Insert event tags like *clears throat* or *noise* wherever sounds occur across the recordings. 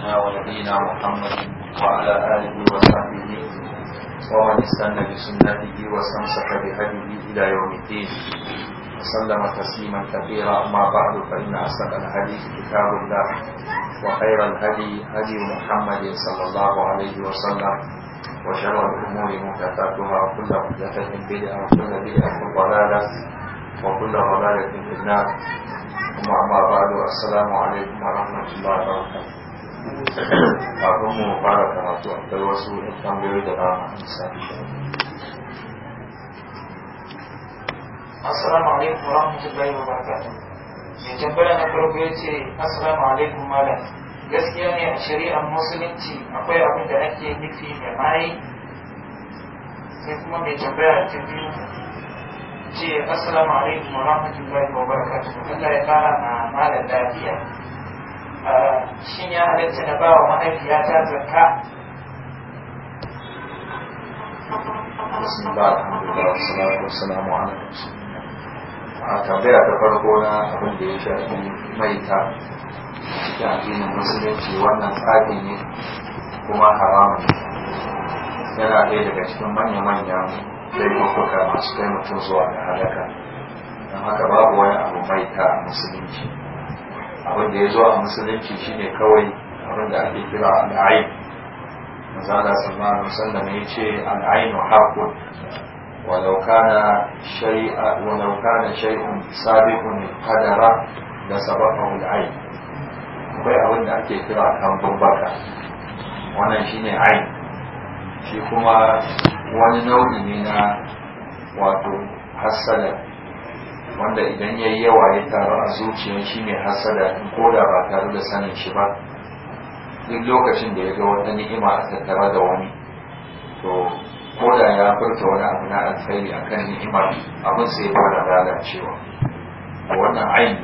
سيدنا ونبينا محمد وعلى آله وصحبه ومن استنى بسنته واستمسك بهديه إلى يوم الدين وسلم تسليما كثيرا أما بعد فإن أصدق الحديث كتاب الله وخير الهدي هدي محمد صلى الله عليه وسلم وشر الأمور محدثاتها وكل محدثة بدعة وكل بدعة ضلالة وكل ضلالة في النار ثم أما بعد السلام عليكم ورحمة الله وبركاته kafin mu fara karatu akwai wasu tambayoyi da dama nisa assalamu alaikum wa rahmatullahi wa barakatuh mai tambaya na farko ya ce assalamu alaikum malam gaskiya ne a shari'ar musulunci akwai abin da ake nufi da mai sai kuma mai tambaya ta biyu ce assalamu alaikum wa rahmatullahi wa barakatuh Allah ya fara na malam lafiya shin ya na bawa ta zarka a tambaya ta farko na abin da ya shafi maita cikin addinin musulunci wannan tsari ne kuma haramun yana ɗaya daga cikin manya-manyan laifuka masu kai mutum zuwa da halaka don haka babu wani abu maita a musulunci abin da ya zo a musulunci shine kawai abin da ake kira al'ain misala sallallahu alaihi wasallam ya ce al'ainu haqqun walauka na shay'a walau kana shay'un da sababahu al'ain akwai abin da ake kira kan bambaka. wannan shine ain shi kuma wani nau'i ne na wato hassada wanda idan ya yi yawa ya taru a zuciyar shi ne hasada in koda ba tare da sanin shi ba duk lokacin da ya ga wata ni'ima a tattara da wani to koda ya furta wani abu na a kan ni'imar abin sai ya fara lalacewa a wannan ayin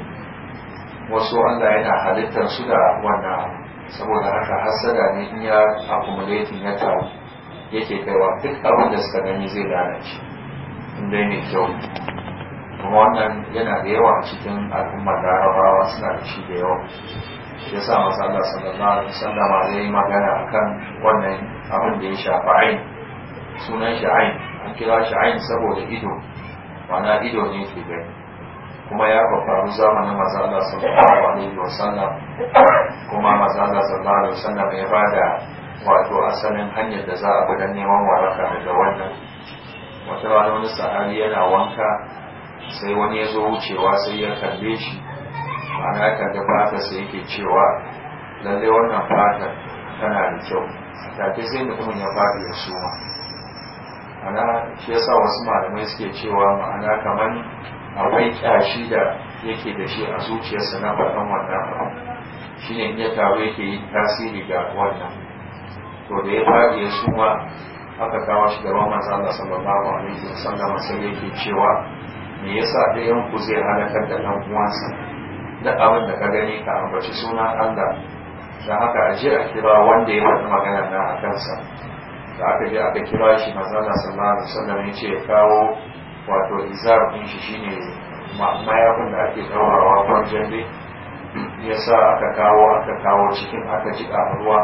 wasu Allah yana halittar su da wannan saboda haka hasada ne in ya accumulating ya taru yake kaiwa duk abin da suka gani zai lalace in dai mai kyau kuma wannan yana da yawa cikin al'ummar larabawa suna da shi da yawa ya sa masu Allah sallallahu alaihi wasallam ya yi magana akan wannan abin da ya shafa ain sunan shi ain an kira shi ain saboda ido mana ido ne ke gani kuma ya faru zamanin masu Allah sallallahu alaihi wasallam kuma masu Allah sallallahu alaihi wasallam ya bada wato asalin hanyar da za a bi neman waraka daga wannan wata rana wani sahabi yana wanka sai wani ya zo wucewa sai ya kalle shi ana ya kalle fata sai yake cewa lalle wannan fata tana da kyau take sai mutumin ya fadi ya suma ana shi yasa wasu malamai suke cewa ma'ana kamar akwai kyashi da yake da shi a zuciyarsa na faɗan wannan abu shi ne ya taro yake yi tasiri ga wannan to da ya fadi ya suma aka kawo shi gaban manzo sallallahu alaihi wasallam sai yake cewa me yasa yan ku zai halakar da ɗan uwansa da abin da ka gani ka ambaci suna Allah da haka a je a kira wanda ya faɗi magana na a kansa da aka je aka kira shi mazana sallallahu alaihi wasallam ya ce kawo wato izar din shi shine mayafin da ake ɗaurawa kan dai ya aka kawo aka kawo cikin aka jiƙa ruwa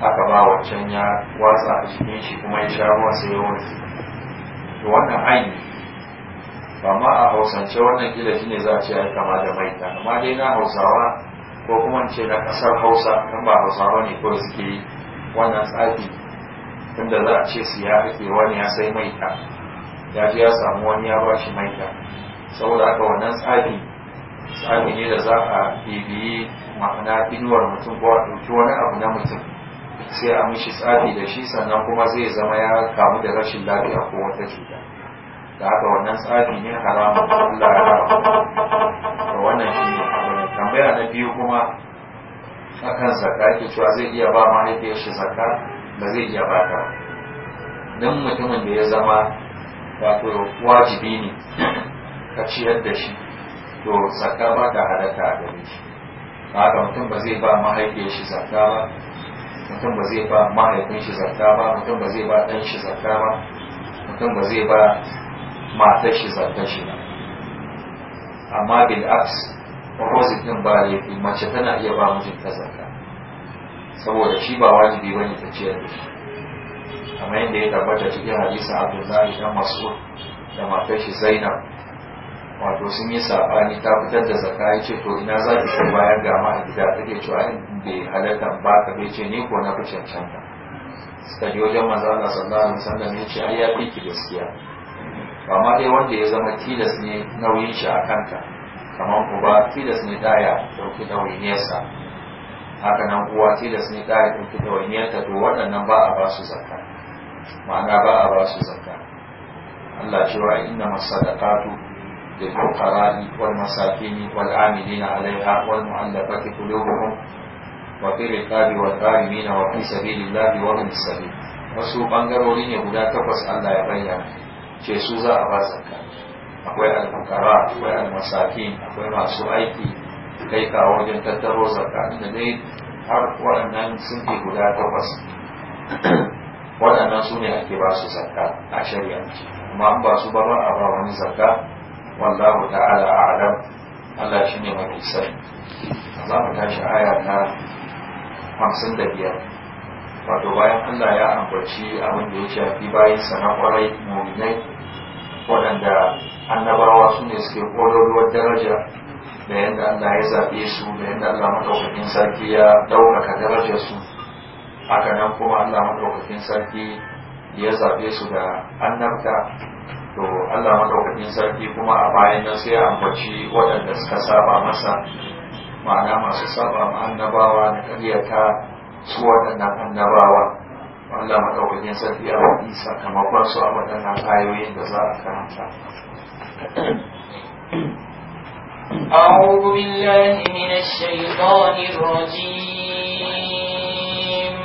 aka ba wancan ya watsa a cikin shi kuma ya sha ruwa sai ya wuce. wannan aini amma a hausance wannan gida ne za a ce ai kama da maita amma dai na hausawa ko kuma ce na kasar hausa kan ba hausawa ne ko suke wannan tsafi tunda za a ce su ya rike wani ya sai maita ya je ya samu wani ya ba shi maita saboda haka wannan tsafi tsafi ne da za a bibiyi ma'ana inuwar mutum ko a ɗauki wani abu na mutum sai a mishi tsafi da shi sannan kuma zai zama ya kamu da rashin lafiya ko wata cuta da haka wannan tsari ne haramun Allah ya haramta wannan shi ne abin tambaya na biyu kuma akan zakka ke cewa zai iya ba mahaifiyar shi zakka ba zai iya ba ta don mutumin da ya zama wato wajibi ne ka ciyar da shi to zakka ba ta halatta a gare shi haka mutum ba zai ba mahaifiyar shi zakka ba mutum ba zai ba mahaifin shi zakka ba mutum ba zai ba ɗan shi zakka ba mutum ba zai ba matar shi zarta shi amma bil aks ɗin din ba fi mace tana iya ba ta zarta saboda shi ba wajibi bane ta ce da shi amma yadda ya tabbata cikin hadisa abdullahi dan mas'ud da matar shi zainab wato sun yi sabani ta fitar da zakka ya ce to ina za ta san bayan ga ma a gida take cewa in bai halarta ba ka bai ce ni ko na fi cancanta suka je wajen manzo Allah sallallahu alaihi wasallam ya ce ai ya ki gaskiya ba ma dai wanda ya zama tilas ne nauyin shi a kanta kamar uba tilas ne ɗaya ɗauki ɗawainiyarsa haka nan uwa tilas ne ɗaya ɗauki ɗawainiyarta to waɗannan ba a ba su zakka ma'ana ba a ba su zakka Allah cewa inna masadaqatu lil fuqara'i wal masakin wal amilina 'alayha wal mu'allafati qulubuhum wa fi riqabi wal qa'imin wa fi sabilillahi wa min sabil wasu bangarori ne guda takwas Allah ya bayyana ce su za a ba zakka akwai alfakara akwai almasakin akwai masu aiki kai kawo wajen tattaro zakka inda dai har waɗannan sun ke guda takwas *clears throat* waɗannan su ne ake ba su zakka a shari'a amma an ba su ba ba a ba wani zakka wallahu ta'ala a'lam Allah shi ne mafi sani za mu tashi aya ta hamsin da biyar wato bayan Allah ya ambaci abin da ya shafi bayan sana kwarai muminai waɗanda annabawa su ne suke ƙololuwar daraja da yadda Allah ya zaɓe su da yadda Allah maɗaukakin sarki ya ɗaukaka darajar su haka nan kuma Allah maɗaukakin sarki ya zaɓe su da annabta to Allah maɗaukakin sarki kuma a bayan nan sai ya ambaci waɗanda suka saba masa ma'ana masu saba ma annabawa na ƙaryata su waɗannan annabawa Allah maɗaukakin sarki a waɗi sakamakon su a waɗannan ayoyin da za a karanta أعوذ بالله من الشيطان الرجيم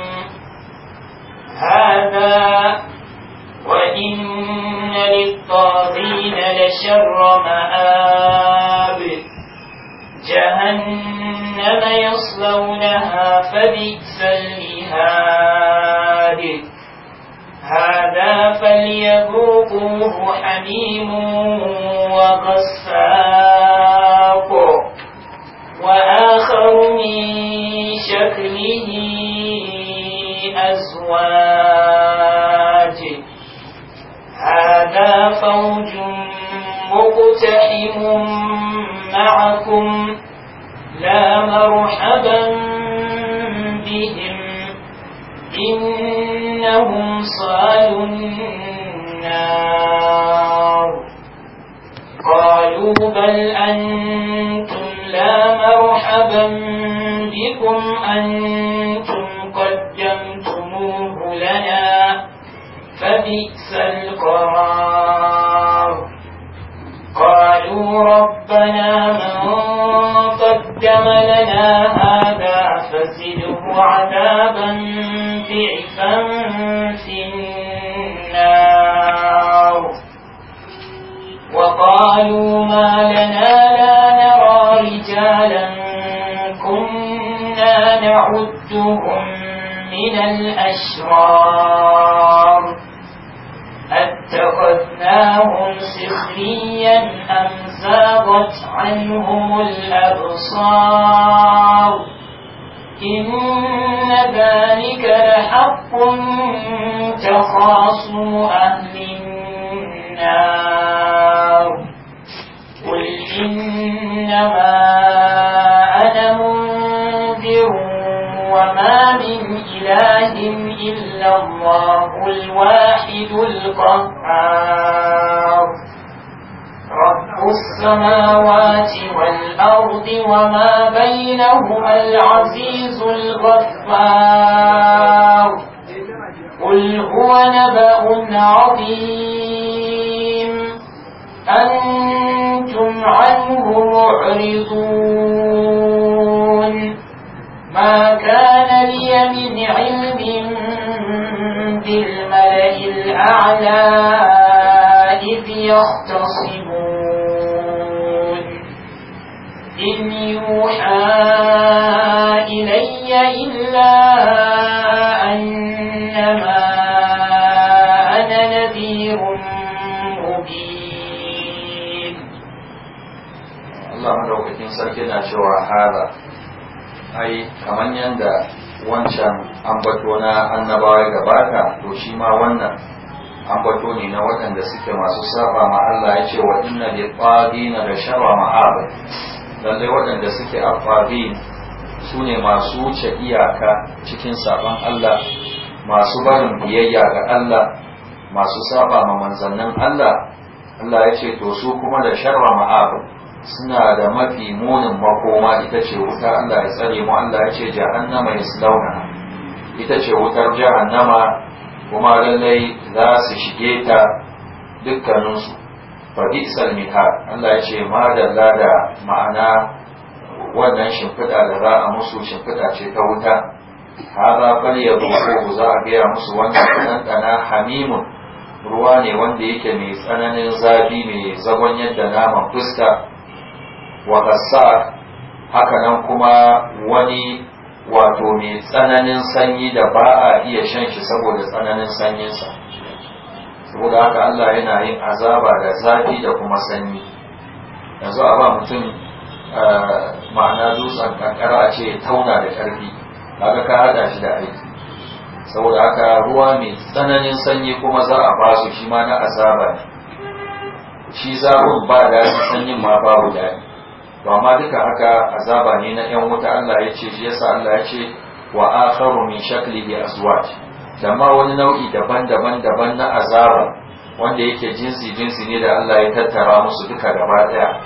هذا وإن للطاغين لشر مآب جهنم يصلونها فبئس المهاد هذا فليذوقوه حميم وغساق وآخر من شكله أزواج هذا فوج مقتحم معكم لا مرحبا بهم إنهم صالوا النار قالوا بل أنتم لا مرحبا بكم أنتم قدمتموه لنا فبئس القرار قالوا رب ربنا من قدم لنا هذا فزده عذابا ضعفا في النار وقالوا ما لنا لا نرى رجالا كنا نعدهم من الأشرار أتخذناهم سخريا أم زاغت عنهم الأبصار إن ذلك لحق تخاصم أهل النار قل إنما أنا منذر وما من إله إلا الله الواحد القهار السماوات والأرض وما بينهما العزيز الغفار قل هو نبأ عظيم أنتم عنه معرضون ما كان لي من علم بالملئ الأعلى إذ يختصمون إن يوحى إلي إلا أنما أنا نذير مبين الله مدوكتين سكينة شوى هذا أي كمان يندى wancan ambato na annabawa gabata to shi ma wannan ambato ne na waɗanda suke masu saba ma Allah ya ce wa inna lil na da sharra ma'ab lallai waɗanda suke afarin su ne masu wuce iyaka cikin sabon Allah masu barin biyayya ga Allah masu saba ma manzannin Allah Allah ya ce to su kuma da sharra ma'abu suna da mafi munin makoma ita ce wuta Allah ya tsare mu Allah ya ce jahannama ya slauna ita ce wutar jahannama kuma lallai za su shige ta dukkaninsu fa Mika Allah ya ce ma da da ma'ana wannan shimfiɗa da za a musu shimfiɗa ce ta wuta hada fal ku za a gaya musu wannan ɗanɗana hamimun ruwa ne wanda yake mai tsananin zafi mai zagon yadda naman fuska wa haka hakanan kuma wani wato mai tsananin sanyi da ba a iya shan shi saboda tsananin sanyinsa saboda haka Allah yana yin azaba da zafi da kuma sanyi yanzu a ba mutum eh, ma'ana dutsen kankara a ce tauna da ƙarfi kaga ka haɗa shi da aiki saboda haka ruwa mai tsananin sanyi kuma za a ba su shi ma na azaba ne shi zafin ba daɗi sanyin ma babu daɗi ba ma duka haka azaba ne na yan wuta Allah ya ce shi yasa Allah ya ce wa akharu min shaklihi azwaj da ma wani nau'i daban-daban daban na azaba wanda yake jinsi jinsi ne da Allah ya tattara musu duka gaba daya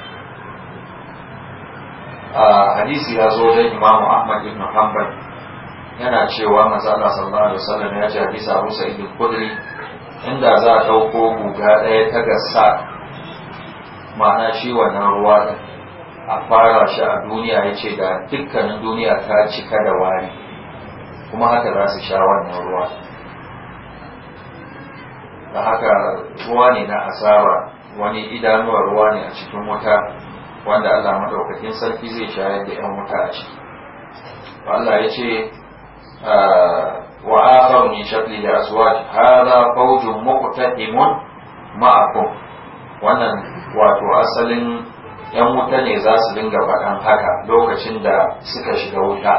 a hadisi ya zo da Imam Ahmad ibn Hanbal yana cewa manzo Allah sallallahu alaihi wasallam ya ji hadisi Abu Sa'id al-Khudri inda za a dauko guga daya ta gassa ma'ana shi wannan ruwa a fara shi a duniya yace da dukkanin duniya ta cika da wari kuma haka za su sha wannan ruwa da haka ruwa ne na asara wani idanuwar ruwa ne a cikin wuta wanda Allah madaukakin sarki zai shayar da 'yan wuta a ciki Allah ya ce ah, wa akharu min shakli azwaj hadha fawjun muqtahimun ma'akum wannan wato asalin 'yan wuta ne za su dinga faɗan haka lokacin da suka shiga wuta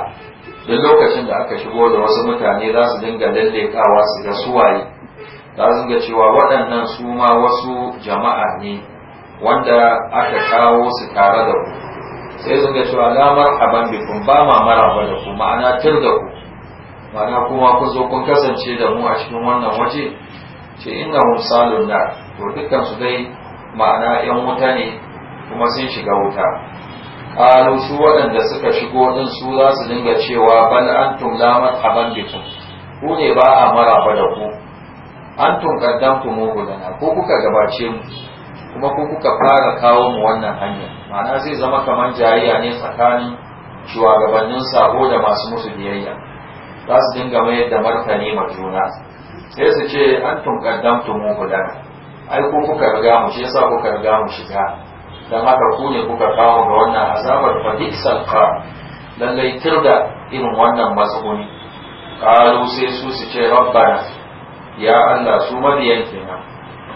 duk lokacin da aka shigo da wasu mutane za su dinga lallekawa su ga suwaye za su ga cewa waɗannan su ma wasu jama'a ne wanda aka kawo su tare da ku sai su ga cewa na marhaban bikum ba ma maraba da ku ma'ana tur da ku ma'ana kuma kun zo kun kasance da mu a cikin wannan waje ce ina hum salon na to dukkan su dai ma'ana yan wuta ne kuma sun shiga wuta qalu su waɗanda suka shigo din su za su dinga cewa bal antum la marhaban bikum ku ne ba a maraba da ku antum qaddamtum mu lana ko kuka gabace mu kuma ko kuka fara kawo mu wannan hanya ma'ana zai zama kamar jayayya ne tsakanin shugabannin sabo da masu musu biyayya za su dinga mayar da martani ma juna sai su ce antum qaddamtum mu lana ai ko kuka riga mu shi yasa kuka riga mu shiga dan haka ku ne kuka kawo ga wannan azabar fa biksal ka lallai tirda irin wannan matsuguni kalu sai su su ce rabbana ya Allah su mabiyan kenan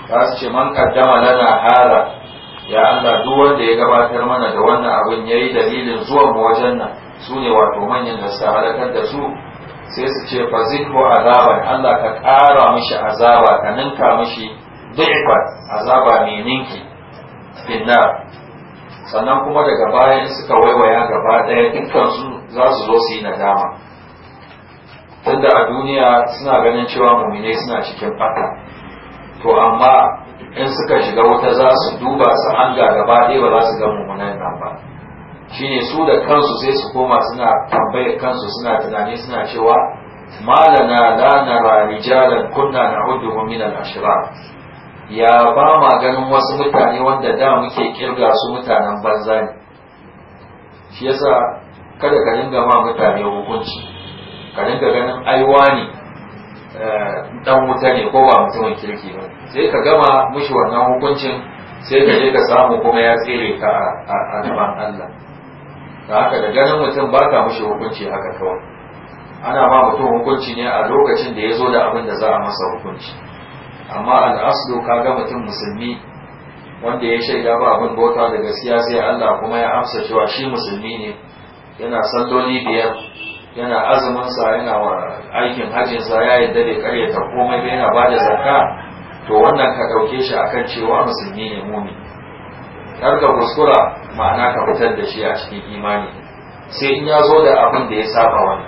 za su ce man kaddama lana hara ya Allah duk wanda ya gabatar mana da wannan abin yayi dalilin zuwan mu wajen nan su ne wato manyan da su halakar da su sai su ce fa zikru azaban Allah ka kara mishi azaba ka ninka mishi fa azaba mai ninki finna sannan kuma daga baya suka waiwaya gaba ɗaya dukkansu za su zo su yi nadama tunda a duniya suna ganin cewa mumine suna cikin fata to amma in suka shiga wuta za su duba su hanga gaba ɗaya ba za su ga mummunan nan ba shine su da kansu sai su koma suna tambayar kansu suna tunani suna cewa malana la na rijalan kunna na min al-ashrar ya ba ma ganin wasu mutane wanda da muke kirga su mutanen banza ne shi yasa kada ka dinga ma mutane hukunci ka dinga ganin aiwa ne eh, dan wuta ne ko ba mutumin kirki ba sai ka gama mushi wannan hukuncin sai ka je ka samu kuma ya tsere ka a gaban Allah da haka da ganin mutum ba ka mushi hukunci haka kawai ana ba mutum hukunci ne a lokacin da ya zo da abin da za a masa hukunci amma ka ga mutum musulmi wanda ya shaida ba abin bauta da gaskiya sai Allah kuma ya amsa cewa shi musulmi ne yana sandoli biyar yana azumin sa yana wa aikin hajjin sa ya yadda bai karyata komai ba yana bada zakka to wannan ka dauke shi akan cewa musulmi ne mumi kar ka kuskura ma'ana ka fitar da shi a cikin imani sai in ya zo da abin da ya saba wani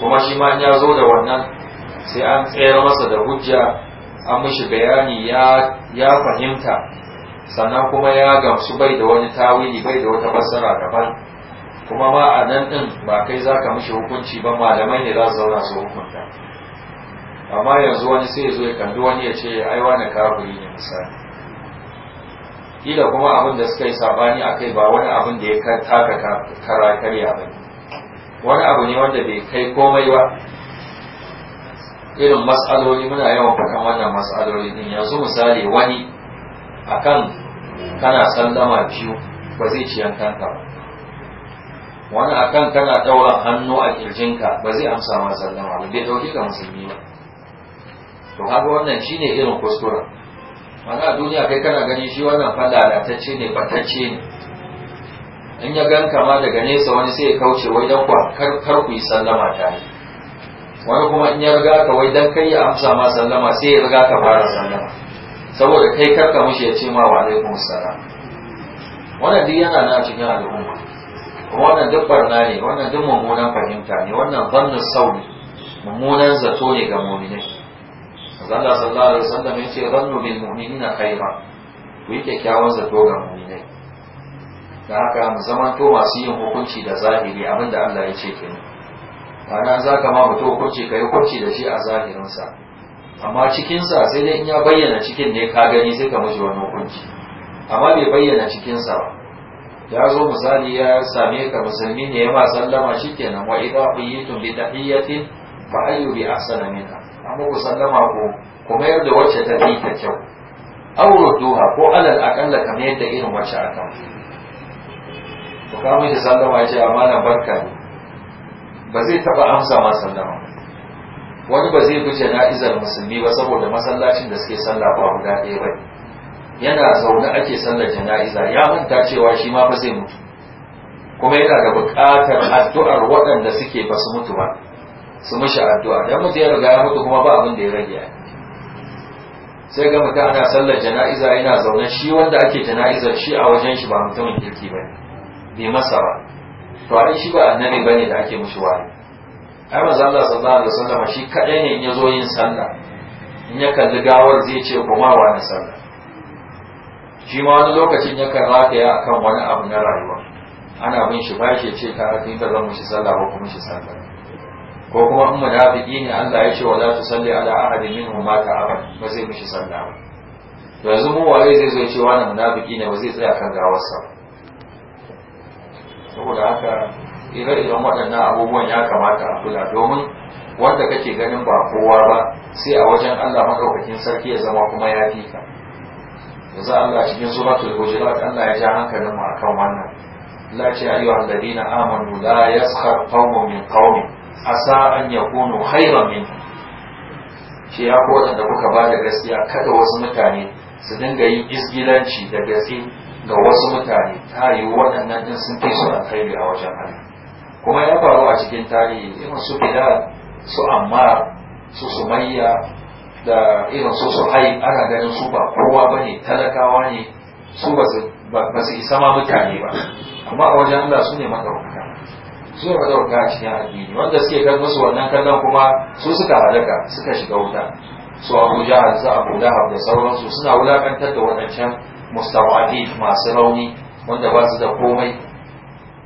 kuma shi ma in ya zo da wannan sai an tsere masa da hujja an mishi bayani ya fahimta sannan kuma ya gamsu bai da wani tawili bai da wata fassara daban kuma ma a nan din ba kai za ka mishi hukunci ba malamai ne za su zauna su hukunta amma yanzu wani sai zo ya kalli wani ya ce ai wani kafiri ne misali ila kuma abin da suka yi sabani a kai ba wani abin da ya taka karya ba wani abu ne wanda bai kai komai ba irin matsaloli muna yawan faɗan wannan matsaloli din yanzu misali wani akan kana sallama biyu ba zai ci yankanka ba wani akan kana ɗaura hannu a kirjinka ba zai amsa ma sallama ba bai ɗauki ka musulmi ba to haka wannan shine irin kuskura wani a duniya kai kana gani shi wannan fa lalatacce ne batacce ne in ya gan kama daga nesa wani sai ya kauce wajen dan kar ku yi sallama tare wani kuma in ya riga ka wai dan kai ya amsa ma sallama sai ya riga ka fara sallama saboda kai karka mushi ya ce ma wa alaikum salam wannan duk yana na cikin al'umma wannan duk barna ne wannan duk mummunan fahimta ne wannan zannu sauri, mummunan zato ne ga mu'minai Allah sallallahu alaihi wasallam ya ce zannu bil mu'minina khaira ku yi kyakkyawan zato ga mu'minai da haka mu zamanto masu yin hukunci da zahiri abinda Allah ya ce kenan kana za ka ma mutum hukunci ka yi hukunci da shi a zahirinsa amma cikinsa sai dai in ya bayyana cikin ne ka gani sai ka mashi wani hukunci amma bai bayyana cikinsa ba ya zo misali ya same ka musulmi ne ya ma sallama shi kenan wa idan quyitum bi tahiyyatin fa ayyu bi ahsana minha amma ku sallama ku mayar da wacce ta fi ta kyau aw duha ko alal aqalla kamar yadda irin wacce aka ku ka mishi sallama ya ce amma na barka ba zai taba amsa ma sallama wani ba zai bi jana'izar musulmi ba saboda masallacin da suke sallah ba guda ɗaya ba yana zaune ake sallar jana'iza ya manta cewa shi ma ba zai mutu kuma yana da buƙatar addu'ar waɗanda suke ba su mutu ba su mishi addu'a dan mutu ya riga ya mutu kuma ba abin da ya rage sai ga mutum ana sallar jana'iza yana zaune shi wanda ake jana'izar shi a wajen shi ba mutumin kirki ba bai masa ba to ai shi ba annabi bane da ake mushi wahayi ai manzo Allah sallallahu alaihi wasallam shi kadai ne in yazo yin sallah in ya kalli gawar zai ce kuma wa na sallah shi ma wani lokacin yakan rataya akan wani abu na rayuwa ana bin shi shi ce ka rafi ka zan mushi sallah ko kuma shi sallah ko kuma in munafiki ne Allah ya ce wala tusalli ala ahadin minhum mata abad ba zai mushi sallah ba yanzu mu waye zai zo ya ce wani munafiki ne ba zai tsaya kan gawarsa ba saboda haka ire-iren waɗannan abubuwan ya kamata a kula domin wanda kake ganin ba kowa ba sai a wajen Allah madaukakin sarki ya zama kuma ya fi ka yanzu Allah cikin suratul hujurat Allah ya ja hankalin mu akan wannan la ce ayyuhal ladina amanu la yaskhar qaumun min qaumin asa an yakunu khayran min Shi ya ko da kuka ba da gaskiya kada wasu mutane su dinga yin isgilanci da gaske ga wasu mutane ta yi waɗannan ɗin sun fi su kai a wajen Allah kuma ya faru a cikin tarihi irin su fida su amma su Sumayya da irin su su Suhai ana ganin su ba kowa ba ne talakawa ne su ba su isa ma mutane ba amma a wajen Allah su ne madaukaka su ne madaukaka a cikin addini wanda suke kan musu wannan kallon kuma su suka halaka suka shiga wuta su Abu jihar Abu Lahab da sauransu suna wulakantar da waɗancan mustawadi masu rauni wanda ba su da komai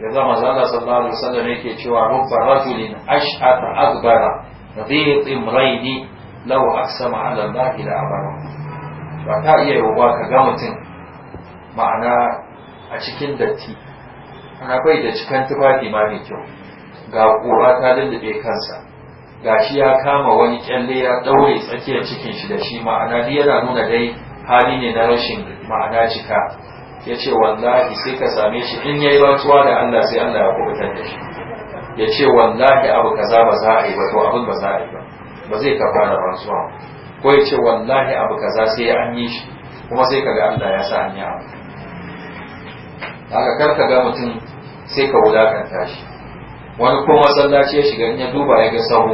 ya zama zala sallallahu alaihi wasallam yake cewa rubba rajulin ash'at akbara dhiq imraini law aqsama ala allah la abara ba ta iya yiwuwa ka ga mutum ma'ana a cikin datti ana bai da cikin tufafi ma mai kyau ga kura ta lullube kansa shi ya kama wani kyalle ya daure tsakiyar cikin shi da shi ma'ana dai yana nuna dai hali ne na rashin ma'ana cika ya ce wallahi sai ka same shi in ya yi rantsuwa da Allah sai Allah ya kubutar da shi ya ce wallahi abu kaza ba za a yi ba to abin ba za a yi ba ba zai kafa da rantsuwa ko ya ce wallahi abu kaza sai an yi shi kuma sai ka ga Allah ya sa an yi abu haka kar ka ga mutum sai ka wulakanta shi wani ko masallaci ya shiga in ya duba ya ga sahu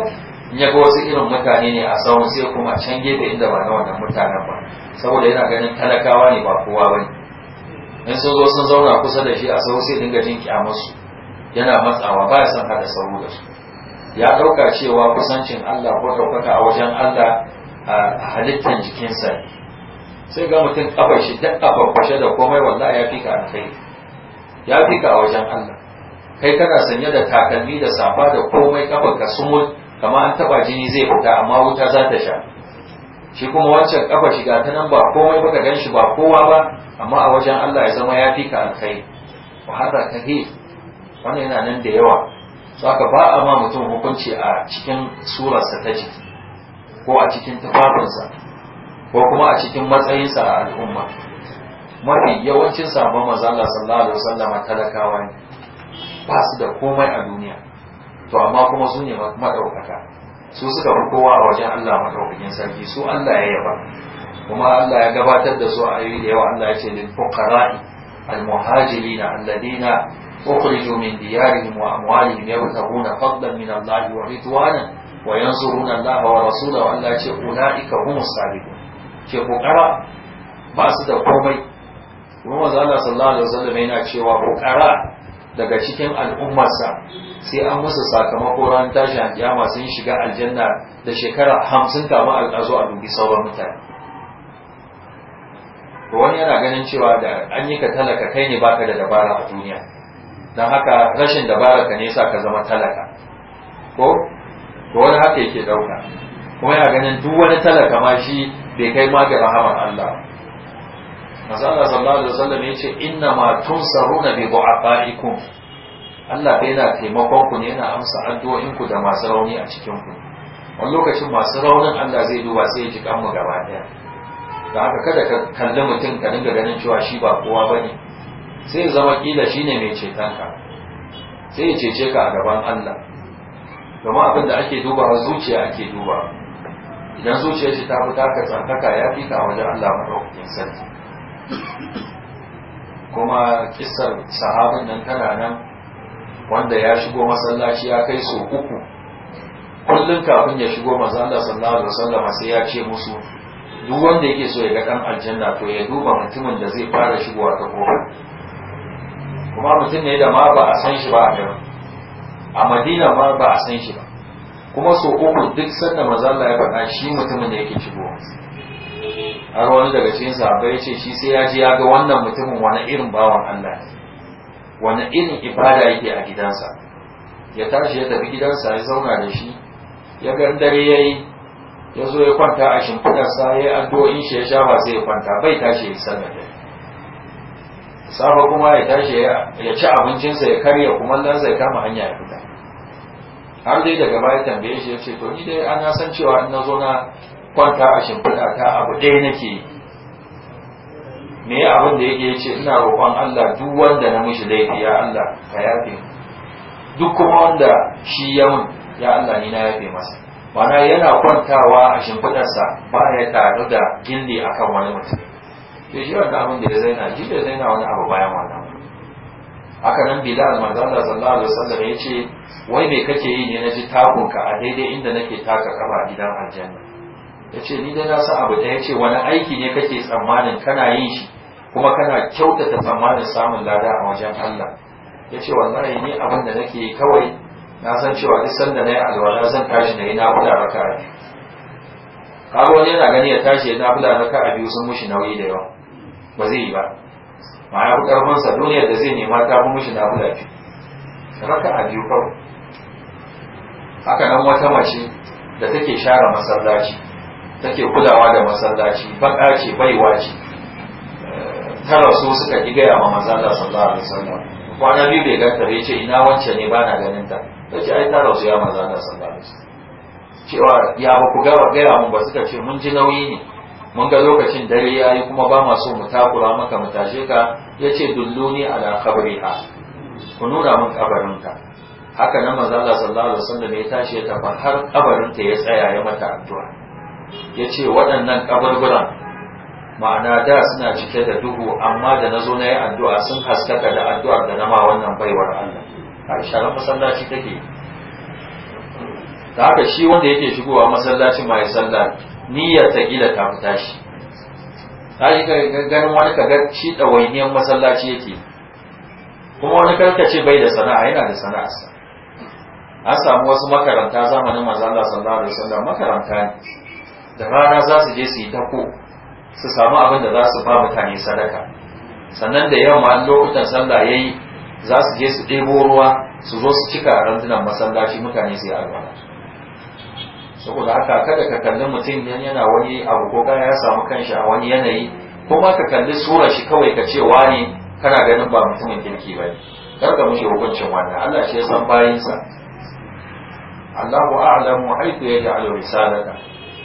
in ya ga wasu irin mutane ne a sahun sai kuma can gefe inda ba na wannan mutanen ba saboda yana ganin talakawa ne ba kowa bane in sun zo sun zauna kusa da shi a sau sai dinga jin kyamarsu yana matsawa ba ya san hada sauro da su ya ɗauka cewa kusancin Allah ko ɗaukaka a wajen Allah a halittar jikinsa sai ga mutum kafar shi duk a farfashe da komai wanda ya fika alkhairi ya fika a wajen Allah kai kana sanye da takalmi da safa da komai kafar ka sumul kamar an taɓa jini zai fita amma wuta za ta sha shi kuma wancan kafa shiga ta nan ba komai baka gan shi ba kowa ba amma a wajen Allah ya zama ya fi ka alkhairi wa hada he wannan yana nan da yawa saka ba a ma mutum hukunci a cikin surarsa ta jiki ko a cikin tufafinsa ko kuma a cikin matsayinsa a al'umma mafi yawancin sabon maza Allah sallallahu alaihi wasallam talakawa ne ba su da komai a duniya to amma kuma su ne maɗaukaka su suka fi kowa a wajen Allah madaukakin sarki su Allah ya yaba kuma Allah ya gabatar da su a ayoyi da yawa Allah ya ce lil fuqara'i al muhajiri muhajirina alladina ukhrijoo min diyarihim wa amwalihim yabtaguna fadlan min Allah wa ridwana wa yansuruna Allah wa rasulahu Allah ya ce ulaika humus sabiqun ke fuqara ba su da komai kuma manzo Allah sallallahu alaihi wasallam yana cewa fuqara daga cikin al'ummarsa sai an musu sakamako ran tashin kiyama sun shiga aljanna da shekara hamsin kama a zo a dubi sauran mutane to wani yana ganin cewa da an yi ka talaka kai ne baka da dabara a duniya don haka rashin dabara ka ne sa ka zama talaka ko to wani haka yake dauka kuma yana ganin duk wani talaka ma shi bai kai ma ga rahamar Allah Masu Allah sallallahu alaihi wasallam ya ce inna ma tunsaruna bi du'afaikum Allah fa yana taimakon ku ne yana amsa addu'o'in ku da masu rauni a cikin ku wani lokacin masu raunin Allah zai duba sai ya ji kanmu gaba da haka kada ka kalli mutum ka dinga ganin cewa shi ba kowa ba ne. sai ya zama kila shine mai ceton ka sai ya cece ka a gaban Allah domin abin da ake dubawa zuciya ake duba. idan zuciyar shi ta fita ka tsarkaka ya fi ka wajen Allah maɗaukakin sarki kuma kisar sahabin nan tana nan wanda ya shigo masallaci ya kai so uku kullum kafin ya shigo manzo sallallahu alaihi wasallam sai ya ce musu duk wanda yake so ya ga dan aljanna to ya duba mutumin da zai fara shigowa ta kofa kuma mutum ne da ma ba a san shi ba a garin a Madina ma ba a san shi ba kuma so uku duk sanda mazalla ya faɗa shi mutumin da yake shigowa har wani daga cikin sahabbai ya ce shi sai ya ji ya ga wannan mutumin wani irin bawan Allah ne wani irin ibada yake a gidansa ya tashi ya tafi gidansa ya zauna da shi ya gan dare ya yi ya zo ya kwanta a shimfidarsa ya yi addu'o'in shi ya sha ba sai kwanta bai tashi ya da dare Sabo kuma ya tashi ya ci abincinsa ya karya kuma nan zai kama hanya ya fita har dai daga baya tambaye shi ya ce to ni dai an san cewa in na zo na kwanta a shimfida ta abu ɗaya nake me abin da yake yace ina roƙon Allah duk wanda na mishi laifi ya Allah ka yafe duk kuma wanda shi ya mun ya Allah ni na yafe masa mana yana kwantawa a shimfiɗarsa ba ya taru da gindi akan wani mutum ke shi wanda abin da ya zaina shi da zaina wani abu bayan wannan haka nan bilal manzo Allah sallallahu alaihi wasallam ce, wai me kake yi ne na ji takunka a daidai inda nake taka kafa gidan aljanna ya ce ni dai na san abu ya ce wani aiki ne kake tsammanin kana yin shi kuma kana kyautata tsammanin samun lada a wajen Allah ya ce wallahi ni abin da nake yi kawai na san cewa duk sanda na yi alwala zan tashi na yi na kula raka a biyu kaga wani yana gani ya tashi ya na kula raka a biyu sun mushi nauyi da yawa ba zai yi ba ma'ana ku sa duniyar da zai nema ta fi mushi na kula biyu raka a biyu kawai haka nan wata mace da take share masallaci take kulawa da masallaci baka ce baiwa ce ta rasu suka ki gaya ma maza da sallallahu alaihi wasallam kwana biyu bai ganta bai ce ina wance ne ba na ganin ta ce ai ta rasu ya maza da sallallahu alaihi wasallam cewa ya ba ku ga gaya mun ba suka ce mun ji nauyi ne mun ga lokacin dare yayi kuma ba masu so mu takura maka mu tashe ka yace dulluni ala qabriha ku nuna mun kabarinta haka nan manzo Allah sallallahu alaihi wasallam ya tashi ya tafi har ta ya tsaya ya mata addu'a yace waɗannan kabarguran ma'ana da suna cike da duhu amma da na zo na yi addu'a sun haskaka da addu'ar da na ma wannan baiwar Allah a sharar masallaci take da haka shi wanda yake shigowa masallacin mai salla niyyar ta gida ta fita shi ta yi ganin wani kaga shi ɗawainiyar masallaci yake kuma wani karkace bai da sana'a yana da sa. an samu wasu makaranta zamanin manzo Allah sallallahu alaihi wasallam makaranta ne da rana za su je su yi tako su samu abin da za su ba mutane sadaka sannan da yamma lokutan sallah yayi za su je su ɗebo ruwa su zo su cika a randunan masallaci mutane su yi alwala saboda haka kada ka kalli mutum yana wani abu ko kaya ya samu kanshi a wani yanayi kuma ka kalli sura shi kawai ka ce wani kana ganin ba mutumin kirki ba ne kar ka mushe hukuncin wannan Allah shi ya san bayinsa Allahu a'lamu haythu yaj'alu risalata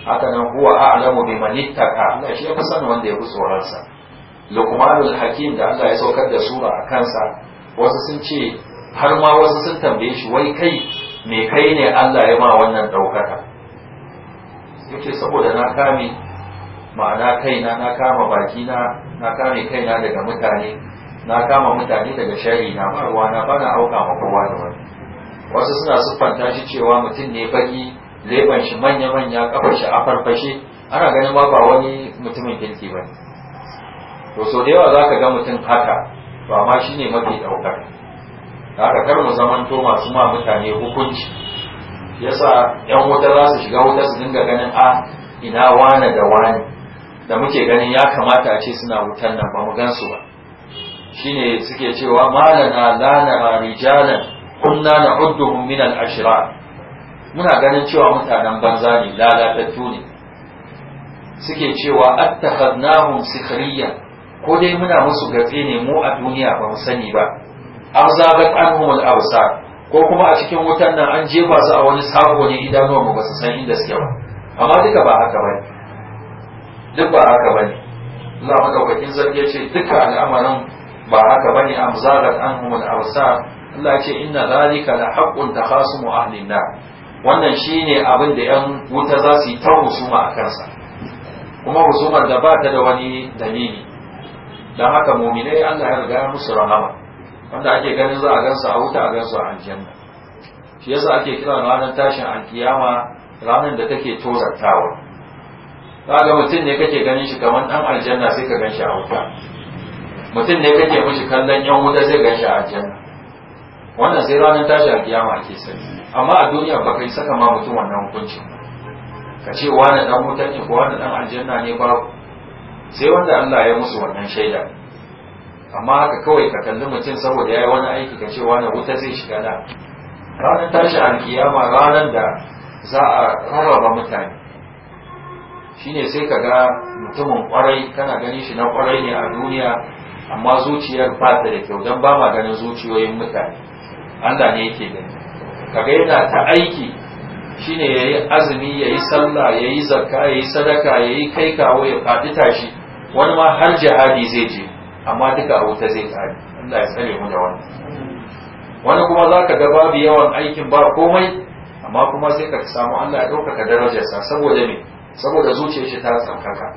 haka nan huwa a'lamu biman ittaka Allah shi ya fi wanda ya fi tsoronsa. sa Luqmanul Hakim da Allah ya saukar da sura a kansa wasu sun ce har ma wasu sun tambaye shi wai kai me kai ne Allah ya ma wannan daukaka yake saboda na kame ma'ana kaina na kama bakina na kame kaina daga mutane na kama mutane daga shari na ruwa na bana auka ma kowa da wani wasu suna siffanta shi cewa mutum ne baki leban shi manya-manya kafar shi a farfashe ana ganin ma ba wani mutumin kirki ba ne. to so da yawa za ka ga mutum haka to amma shi ne mafi ɗaukar haka kar mu zamanto masu ma mutane hukunci yasa yan wuta za su shiga wuta su dinga ganin a ah, ina wane da wane da muke ganin ya kamata a ce suna wutan nan ba mu gansu su ba shine suke cewa malana lana rijalan kunna na min al ashirar muna ganin cewa mutanen banza ne lalatattu ne suke cewa attakhadnahum sikhriyan ko dai muna musu gatse ne mu a duniya ba mu sani ba aw zagat anhum al ko kuma a cikin wutan nan an jefa su a wani sabo ne idanuwan mu ba su san inda suke ba amma duka ba haka bane duk ba haka bane Allah madaukakin zarge ce duka al'amarin ba haka bane am zagat anhum al Allah ya ce inna zalika la haqqun takhasumu ahli an-nar wannan ne abin da yan wuta za su yi ta husuma a kansa kuma husumar da ba ta da wani dalili don haka muminai Allah ya riga ya musu rahama wanda ake ganin za a gansu a wuta a gansu a aljanna shi yasa ake kira ranar tashin alkiyama ranar da take tozartawa ga mutum ne kake ganin shi kamar dan aljanna sai ka gan shi a wuta mutum ne kake mishi kallon yan wuta sai gan shi a aljanna wannan sai ranar tashi a kiyama ake sani amma a duniya ba kai saka ma mutum wannan hukuncin ka ce wani dan wuta ne ko wani dan aljanna ne babu sai wanda Allah ya musu wannan shaida amma haka kawai ka kalli mutum saboda ya yi wani aiki ka ce wani wuta zai shiga da ranar tashi a kiyama ranar da za a rarraba mutane shine sai ka ga mutumin kwarai kana ganin shi na kwarai ne a duniya amma zuciyar ba da kyau don ba ma ganin zuciyoyin mutane Allah ne yake gani kaga yana ta aiki shine yayi azumi yayi sallah yayi zakka yayi sadaka yayi kai kawo ya fadi tashi wani ma har jihadi zai je amma duka a wuta zai kare Allah ya tsare mu da wannan wani kuma zaka ga babu yawan aikin ba komai amma kuma sai ka samu Allah ya ɗaukaka darajarsa saboda me saboda zuciyar shi ta tsarkaka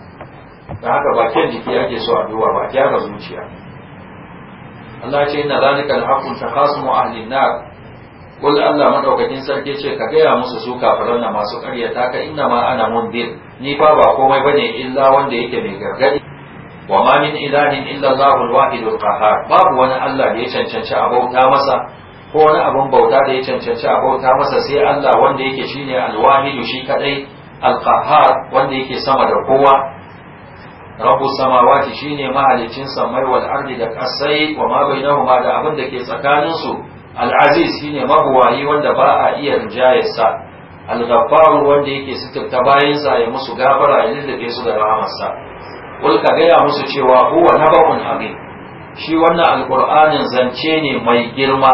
Da haka ba kyan jiki ake so a duba ba gyara zuciya Allah ce inna zalika al-haqqu takasumu ahli an-nar kul Allah madaukakin sarki ce ka gaya musu su kafiran masu ƙaryata ka inna ma ana mundir ni fa ba komai bane illa wanda yake mai gargadi wa ma min ilahin illa al-wahid al-qahhar babu wani Allah da ya cancanci a bauta masa ko wani abun bauta da ya cancanci a bauta masa sai Allah wanda yake shine al-wahid shi kadai al-qahhar wanda yake sama da kowa rabu samawati shine mahalicin samai wal ardi da kasai wa ma bainahuma da abin da ke tsakanin su al aziz shine mabuwayi wanda ba a iya rinjayarsa al ghaffar wanda yake suturta bayan sa ya musu gafara ya lullube su da rahamarsa wal ka gaya musu cewa huwa naba'un abin shi wannan alqur'anin zance ne mai girma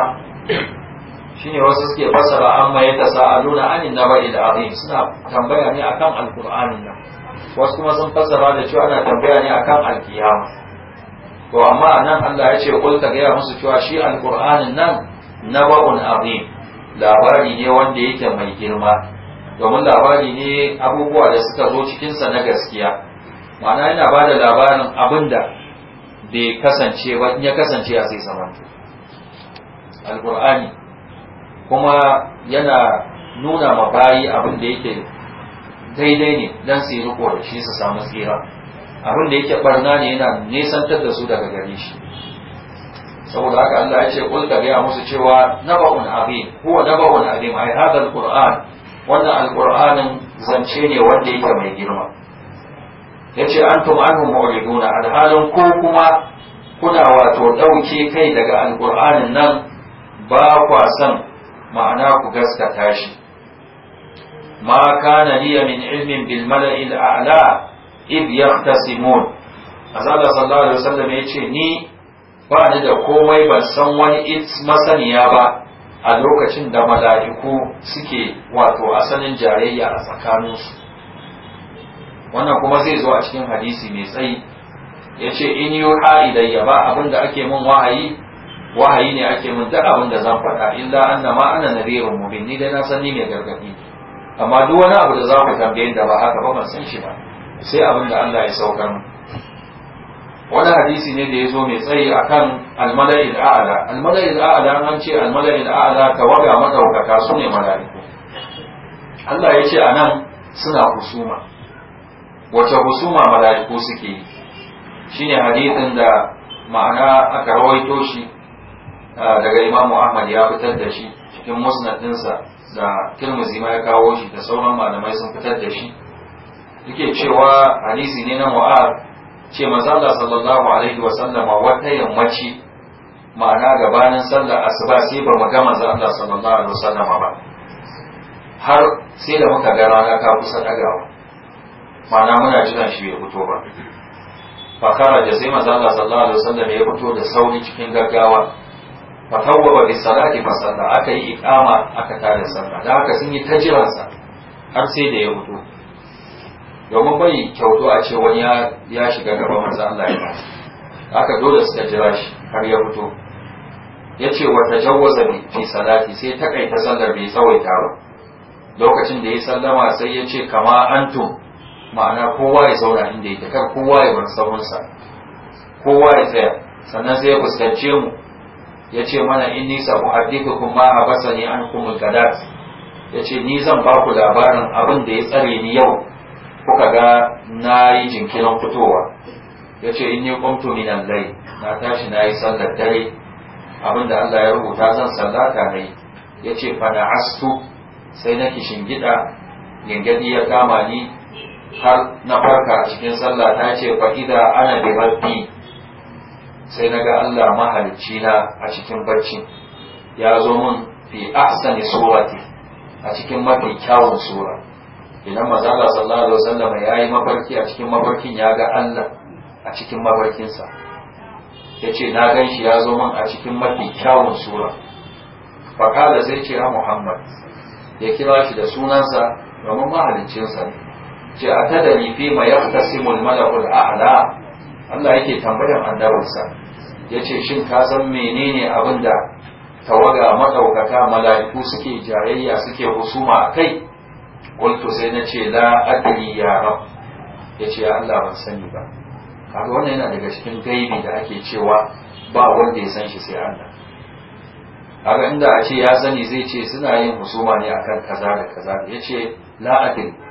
shine wasu suke fassara amma yata sa'aluna anin da azim suna tambaya ne akan alqur'anin nan wasu kuma sun fassara da cewa ana tambaya ne akan alkiyama to amma nan Allah ya ce kul ka gaya musu cewa shi alqur'anin nan naba'un azim labari ne wanda yake mai girma domin labari ne abubuwa da suka zo cikin sa na gaskiya ma'ana yana da labarin abinda bai kasance ba in ya kasance a sai samanto alqur'ani kuma yana nuna ma bayi abin da yake daidai ne don su yi riko da shi su samu tsira abin da yake barna ne yana nesantar da su daga gare shi saboda haka Allah ya ce kul ka musu cewa naba'un azim huwa naba'un azim ai hada alquran wannan alqur'anin zance ne wanda yake mai girma yace antum anhu mu'riduna alhalin ko kuma kuna wato ɗauke kai daga alqur'anin nan ba kwa san ma'ana ku gaskata shi ma kana liya min ilmin bil mala'il a'la id yahtasimun azalla sallallahu alaihi wasallam yace ni ba ni da komai ban san wani masaniya ba a lokacin da mala'iku suke wato asalin jarayya a tsakaninsu wannan kuma zai zo a cikin hadisi mai tsayi ya ce in yi ha ilayya ba abin da ake mun wahayi wahayi ne ake min duk abin da zan faɗa illa an na ma'ana na rerin mubin ni dai na san ni mai gargaɗi amma duk wani abu da za ku tambaye da ba haka ba mun san shi ba sai abin da Allah ya saukar mu wani hadisi ne da ya zo mai tsayi akan almala'il a'ala almala'il a'ala an ce almala'il a'ala waga madaukaka su ne mala'iku Allah ya ce anan suna husuma wace husuma mala'iku suke yi shine hadisin da ma'ana aka rawaito shi ah, daga imamu ahmad ya fitar da shi cikin musnadinsa da tirmizi ma ya kawo shi da sauran malamai sun fitar da shi yake cewa hadisi ne na mu'ar ce mazalla sallallahu alaihi wa sallama wata yammaci ma'ana gabanin sallar asuba sai ba mu ga manzo sallallahu alaihi wa sallama ba har sai da muka ga rana ta kusa dagawa ma'ana muna jiran shi bai fito ba fakara da sai mazalla sallallahu alaihi wa sallama ya fito da sauri cikin gaggawa fa tawwaba bi salati fa aka yi iqama aka tada sallah da haka sun yi ta sa har sai da ya mutu. domin bai kyautu a ce wani ya shiga gaban manzo Allah ya aka dole suka jira shi har ya fito ya ce wa tajawwaza fi salati sai ta kai ta sallar bai ta ba lokacin da ya sallama sai ya ce kama antum ma'ana kowa ya zauna inda yake kar kowa ya bar sa. kowa ya tsaya sannan sai ya fuskance mu ya ce mana in nisa ku haddika kuma a basa ne an kuma gadat ya ce ni zan ba ku labarin abin da ya tsare ni yau kuka ga na yi jinkirin fitowa ya ce in yi kwamtu minan lai na tashi na yi sallar dare abin da allah ya rubuta zan sallata na yi ya ce fana astu sai na gida gangadi ya kama ni har na farka cikin sallah ta ce fa'ida ana bi barfi sai na ga Allah mahalicci na a cikin barci, ya zo min fi ahsani surati a cikin mafi kyawun sura idan manzo Allah sallallahu alaihi wasallam ya yi mafarki a cikin mafarkin ya ga Allah a cikin mafarkinsa ya ce na gan shi ya zo min a cikin mafi kyawun sura fakala zai ce ya muhammad ya kira shi da sunansa domin mahalicci ne ce a tada ni fi ma yaqtasimul malakul a'la Allah yake tambayar annabinsa ya ce shin ka san menene abin da tawaga maɗaukaka mala'iku suke jayayya suke husuma a kai kultu sai na ce la adri ya rab ya ce Allah ban sani ba kaga wannan yana daga cikin gaibi da ake cewa ba wanda ya san shi sai Allah kaga inda a ce ya sani zai ce suna yin husuma ne akan kaza da kaza ya ce la adri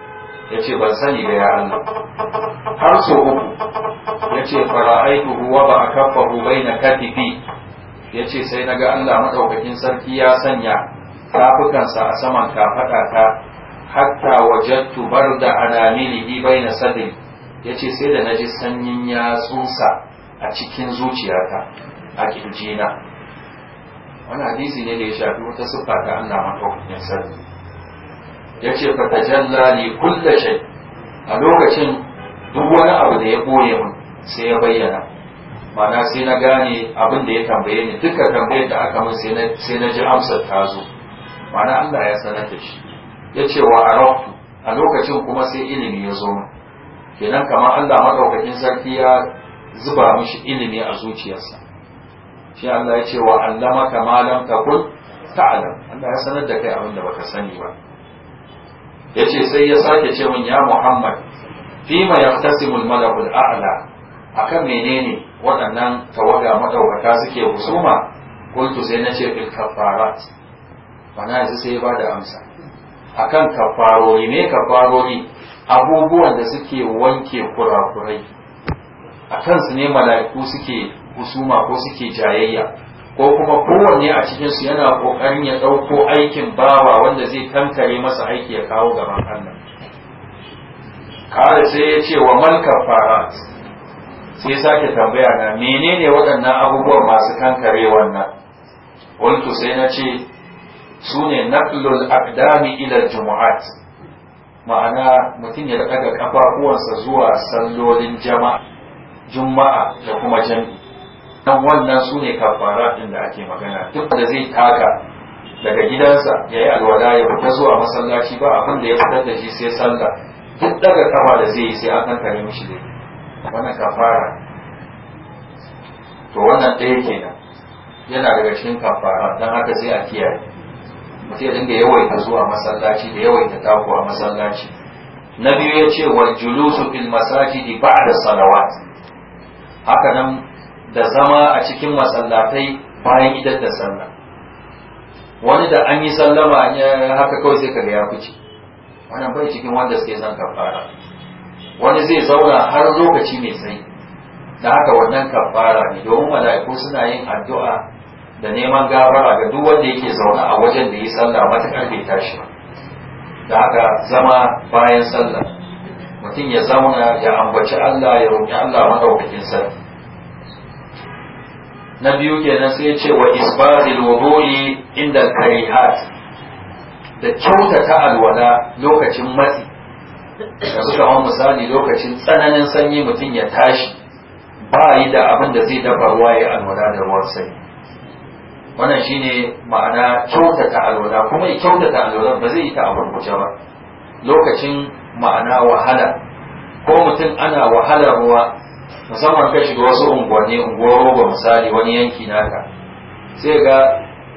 ya ce ban sani ga ya Allah har so uku ya ce fara'aituhu ruwa ba a kafa bai na kafifi ya ce sai na ga Allah maɗaukakin sarki ya sanya tafukansa a saman kafaɗa ta hatta wajattu bar da anamilihi bai na sadin ya ce sai da na ji sanyin ya tsunsa a cikin zuciyata a kirjina wani hadisi ne da ya shafi wata siffa ta Allah maɗaukakin sarki yace fa tajalla li kulli shay a lokacin duk wani abu da ya boye min sai ya bayyana ma'ana sai na gane abin da ya tambaye ni duka tambayar da aka min sai na ji amsar ta zo ma'ana Allah ya sanar da shi yace wa araftu a lokacin kuma sai ilimi ya zo min kenan kamar Allah madaukakin sarki ya zuba mishi ilimi a zuciyarsa shi Allah ya ce wa allama kamalan lam kun ta'alam Allah ya sanar da kai abin da baka sani ba yace sai ya sake ce min ya Muhammad fima yaqtasimul malakul a'la akan menene waɗannan tawaga madaukaka suke husuma kuntu sai na ce bil kafarat Bana yanzu sai ba da amsa akan kafarori ne kafarori abubuwan da suke wanke kurakurai akan su ne mala'iku suke husuma ko suke jayayya ko kuma kowanne a cikinsu yana ƙoƙarin ya ɗauko aikin bawa wanda zai kankare masa aiki ya kawo gaban Allah kare sai ya ce wa malkar kafarat sai ya sake tambaya na menene waɗannan abubuwan masu tankare wannan qultu sai na ce sune naqlul aqdami ila jumu'at ma'ana mutum ya daga kafafuwansa zuwa sallolin jama'a juma'a da kuma jami'a. dan wannan su ne kafara din da ake magana duk da zai taka daga gidansa ya yi alwala ya fita zuwa masallaci ba abin da ya fitar da shi sai sallah duk daga kafa da zai yi sai an kankare mishi da wannan kafara to wannan ɗaya kenan yana daga cikin kafara don haka sai a kiyaye mutum ya dinga yawaita zuwa masallaci da yawaita a masallaci na biyu ya ce wal julusu fil masajidi ba'da salawat haka nan da zama a cikin masallatai bayan idan da sallah wani da an yi sallama haka kawai sai kaga ya fice wannan bai cikin wanda suke zan kafara wani zai zauna har lokaci mai tsayi da haka wannan kafara ne domin mala'iku suna yin addu'a da neman gafara ga duk wanda yake zauna a wajen da yi sallah matakar bai tashi ba da haka zama bayan sallah mutum ya zauna ya ambaci Allah ya roƙi Allah madaukakin sarki na biyu kenan sai ce wa isbazil wudu'i inda karihat da kyautata alwala lokacin matsi da suka hau misali lokacin tsananin sanyi mutum ya tashi ba yi da abin da zai dafa ruwa ya alwala da ruwan sai wannan shine ma'ana kyautata alwala kuma kyautata alwala ba zai yi ta abin kuce ba lokacin ma'ana wahala ko mutum ana wahalar ruwa musamman ka shiga wasu unguwanni unguwar roba misali wani yanki naka sai ga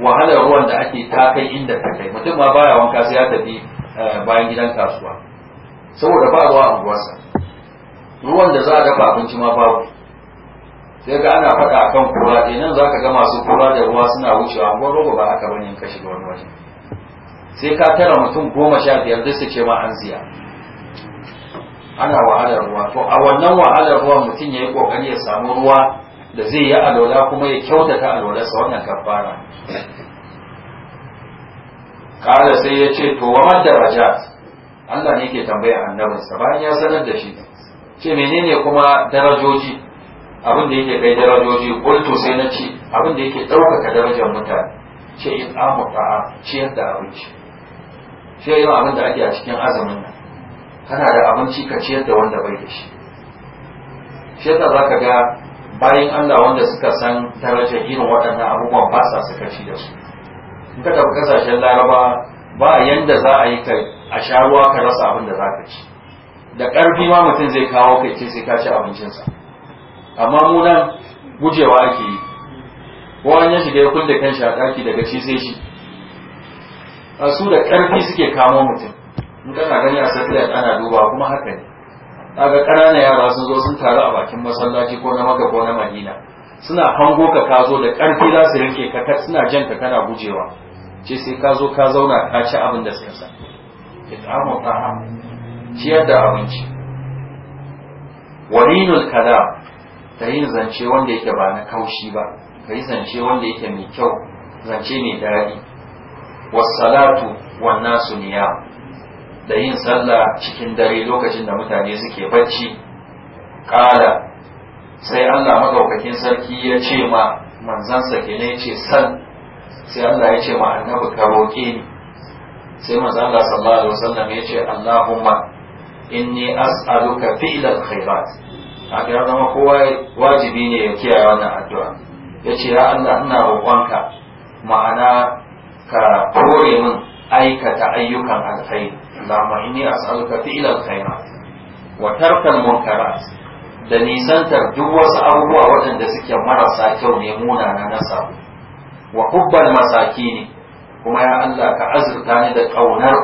wahalar ruwan da ake ta kai inda ta kai mutum ma baya wanka sai ya tafi eh, bayan gidan kasuwa saboda ba ruwa unguwarsa ruwan da za a dafa abinci ma babu sai ga ana faɗa akan kura e nan za ka ga masu kura da ruwa suna wucewa unguwar roba ba haka bane in ka shiga wani waje sai ka tara mutum goma sha biyar duk su ce ma an ziya ana wahalar ruwa to a wannan wahalar ruwa mutum ya yi kokari ya samu ruwa da zai yi alola kuma ya kyautata sa wannan kafara kala sai ya ce to wa madda Allah ne ke tambaya annabinsa bayan ya sanar da shi ce menene kuma darajoji abin da yake kai darajoji kultu sai na ce abin da yake daukaka darajar mutane ce in amu ciyar da abinci shi yau abin da ake a cikin azumin kana da abinci ka ciyar da wanda bai da shi shi yasa za ka ga bayan allah wanda suka san darajar irin waɗannan abubuwan ba sa suka ci da su in ka tafi kasashen laraba ba yanda za a yi a sha ruwa ka rasa abin da za ka ci da ƙarfi ma mutum zai kawo kai ce sai ka ci abincinsa amma mu nan gujewa ake yi ko an ya shiga ya kulle kan shi a ɗaki daga ci sai shi a su da ƙarfi suke kamo mutum in kana gani a satellite ana duba kuma haka ne kaga ƙananan yara sun zo sun taru a bakin masallaci ko na maka ko na madina suna hango ka ka zo da karfi za su rinke ka suna jan ka kana gujewa ce sai ka zo ka zauna ka ci abin da suka san it'amu ta'am ciyar da abinci walinul kada ka yin zance wanda yake ba na kaushi ba ka yi zance wanda yake mai kyau zance mai daɗi wasalatu wannan su da yin sallah cikin dare lokacin da mutane suke bacci kala sai Allah madaukakin sarki ya ce ma manzansa ke ne ce san sai Allah ya ce ma annabi ka roƙe ni sai manzon Allah sallallahu alaihi wasallam ya ce Allahumma inni as'aluka fi'lal khairat haka ya zama kowa wajibi ne ya kiyaye wannan addu'a ya ce ya Allah ina roƙonka ma'ana ka kore min aikata ayyukan alkhairi اللهم إني أسألك فعل wa وترك munkarat da nisantar duk wasu abubuwa waɗanda suke marasa kyau ne muna na samu wa hubbal masaki ne kuma ya Allah ka azurta ni da ƙaunar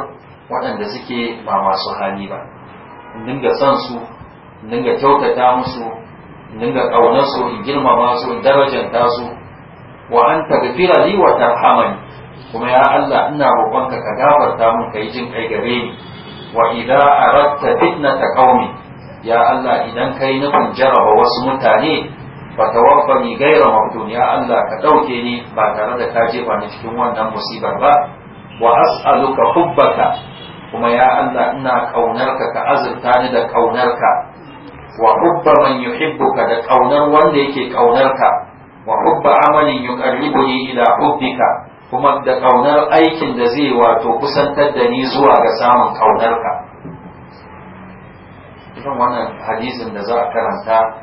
waɗanda suke ba masu hali ba in dinga son su in dinga kyautata musu in dinga ƙaunar su in girmama su in darajanta su wa an tagfira li wa tarhamani kuma ya Allah ina roƙonka ka gafarta mun kai jin kai gare ni wa idza aradta fitnata qaumi ya Allah idan kai nufin jaraba wasu mutane fa tawaffani gaira maftun ya Allah ka dauke ni ba tare da ka jefa ni cikin wannan musibar ba wa as'aluka hubbaka kuma ya Allah ina kaunarka ka azurta ni da kaunarka wa hubba man yuhibbuka da kaunar wanda yake kaunarka wa hubba amalin yuqarribuni ila hubbika kuma da ƙaunar aikin da zai wato kusantar da ni zuwa ga samun ƙaunarka irin wannan hadisin da za a karanta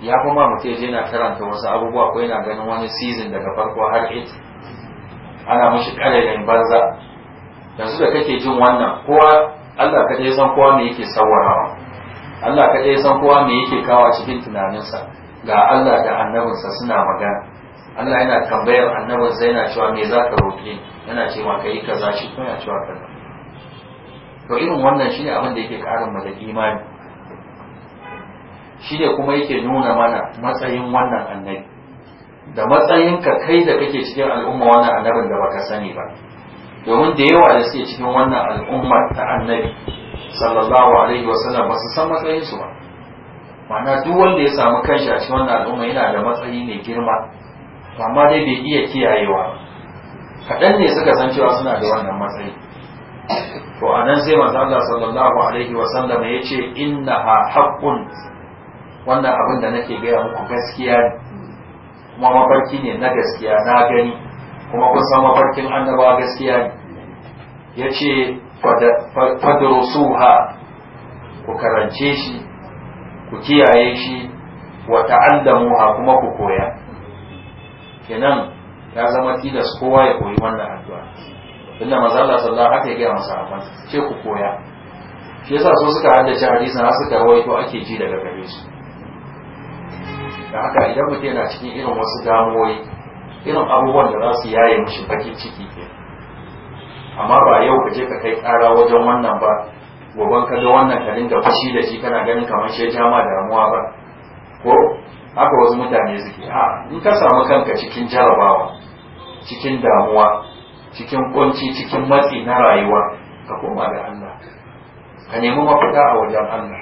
ya kuma mutum je na karanta wasu abubuwa ko yana ganin wani season daga farko har it. ana mashi ƙararin banza yanzu da kake jin wannan kowa Allah ka san kowa me yake sawarawa Allah ka san kowa me yake kawa cikin tunaninsa ga Allah da annabinsa suna magana Allah yana tambayar annabin sai yana cewa me za ka roƙi yana ma ka yi kaza shi kuma yana cewa kaza to irin wannan shine abin da yake ƙarin mu da imani shi ne kuma yake nuna mana matsayin wannan annabi da matsayinka kai da kake cikin al'umma wannan annabin da baka sani ba domin da yawa da suke cikin wannan al'ummar ta annabi sallallahu alaihi wasallam ba su san matsayin su ba ma'ana duk wanda ya samu kanshi a cikin wannan al'umma yana da matsayi mai girma amma dai bai iya kiyayewa kaɗan ne suka san cewa suna da wannan matsayi to a nan sai manzo Allah sallallahu alaihi wa sallam ya ce innaha haqqun wannan abin da nake gaya muku gaskiya ne kuma mafarki ne na gaskiya na gani kuma kun san mafarkin annabawa gaskiya ne ya ce fadrusuha ku karance shi ku kiyaye shi wa ta'allamuha kuma ku koya kenan ya zama tilas kowa ya koyi wannan addu'a inda maza Allah sallallahu haka ya gaya masa afan ce ku koya shi yasa so suka haddace hadisin har suka rawaito ake ji daga gare su da haka idan mutum yana cikin irin wasu damuwoyi irin abubuwan da za su yaye mishi bakin ciki ke amma ba yau ka je ka kai ƙara wajen wannan ba gobe ka ga wannan ka dinga fushi da shi kana ganin kamar shi ya jama ma damuwa ba ko haka wasu mutane suke a ah, in ka samu kanka cikin jarabawa cikin damuwa cikin kunci cikin matsi na rayuwa ka koma da Allah ka nemi mafita a wajen Allah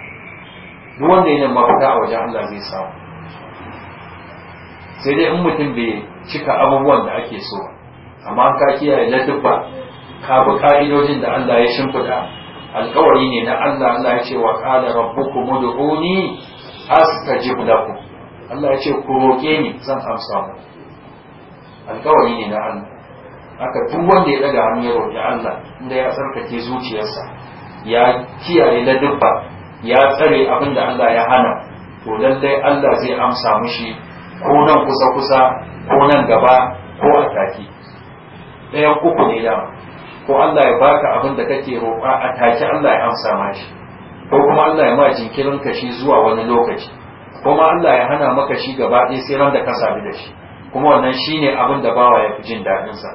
duk wanda yana mafita a wajen Allah zai samu sai dai in mutum bai cika abubuwan da ake so amma ka kiyaye na dubba ka bi ka'idojin da Allah ya shimfida alkawari ne na Allah Allah ya ce wa qala rabbukum ud'uni astajib lakum Allah ya ce ku roƙe ni zan amsa mu Alƙawari ne na Allah haka duk wanda ya daga hannu ya roƙi Allah inda ya tsarkake zuciyarsa ya kiyaye na dubba ya tsare abin da Allah ya hana to lallai Allah zai amsa mushi ko nan kusa kusa ko nan gaba ko a take ɗayan uku ne dama ko Allah ya baka abin da kake roƙa a take Allah ya amsa mashi ko kuma Allah ya ma jinkirin kashi zuwa wani lokaci kuma Allah ya hana maka shi gaba ɗaya sai ran da ka sami da shi kuma wannan shine abin da bawa ya fi jin daɗin sa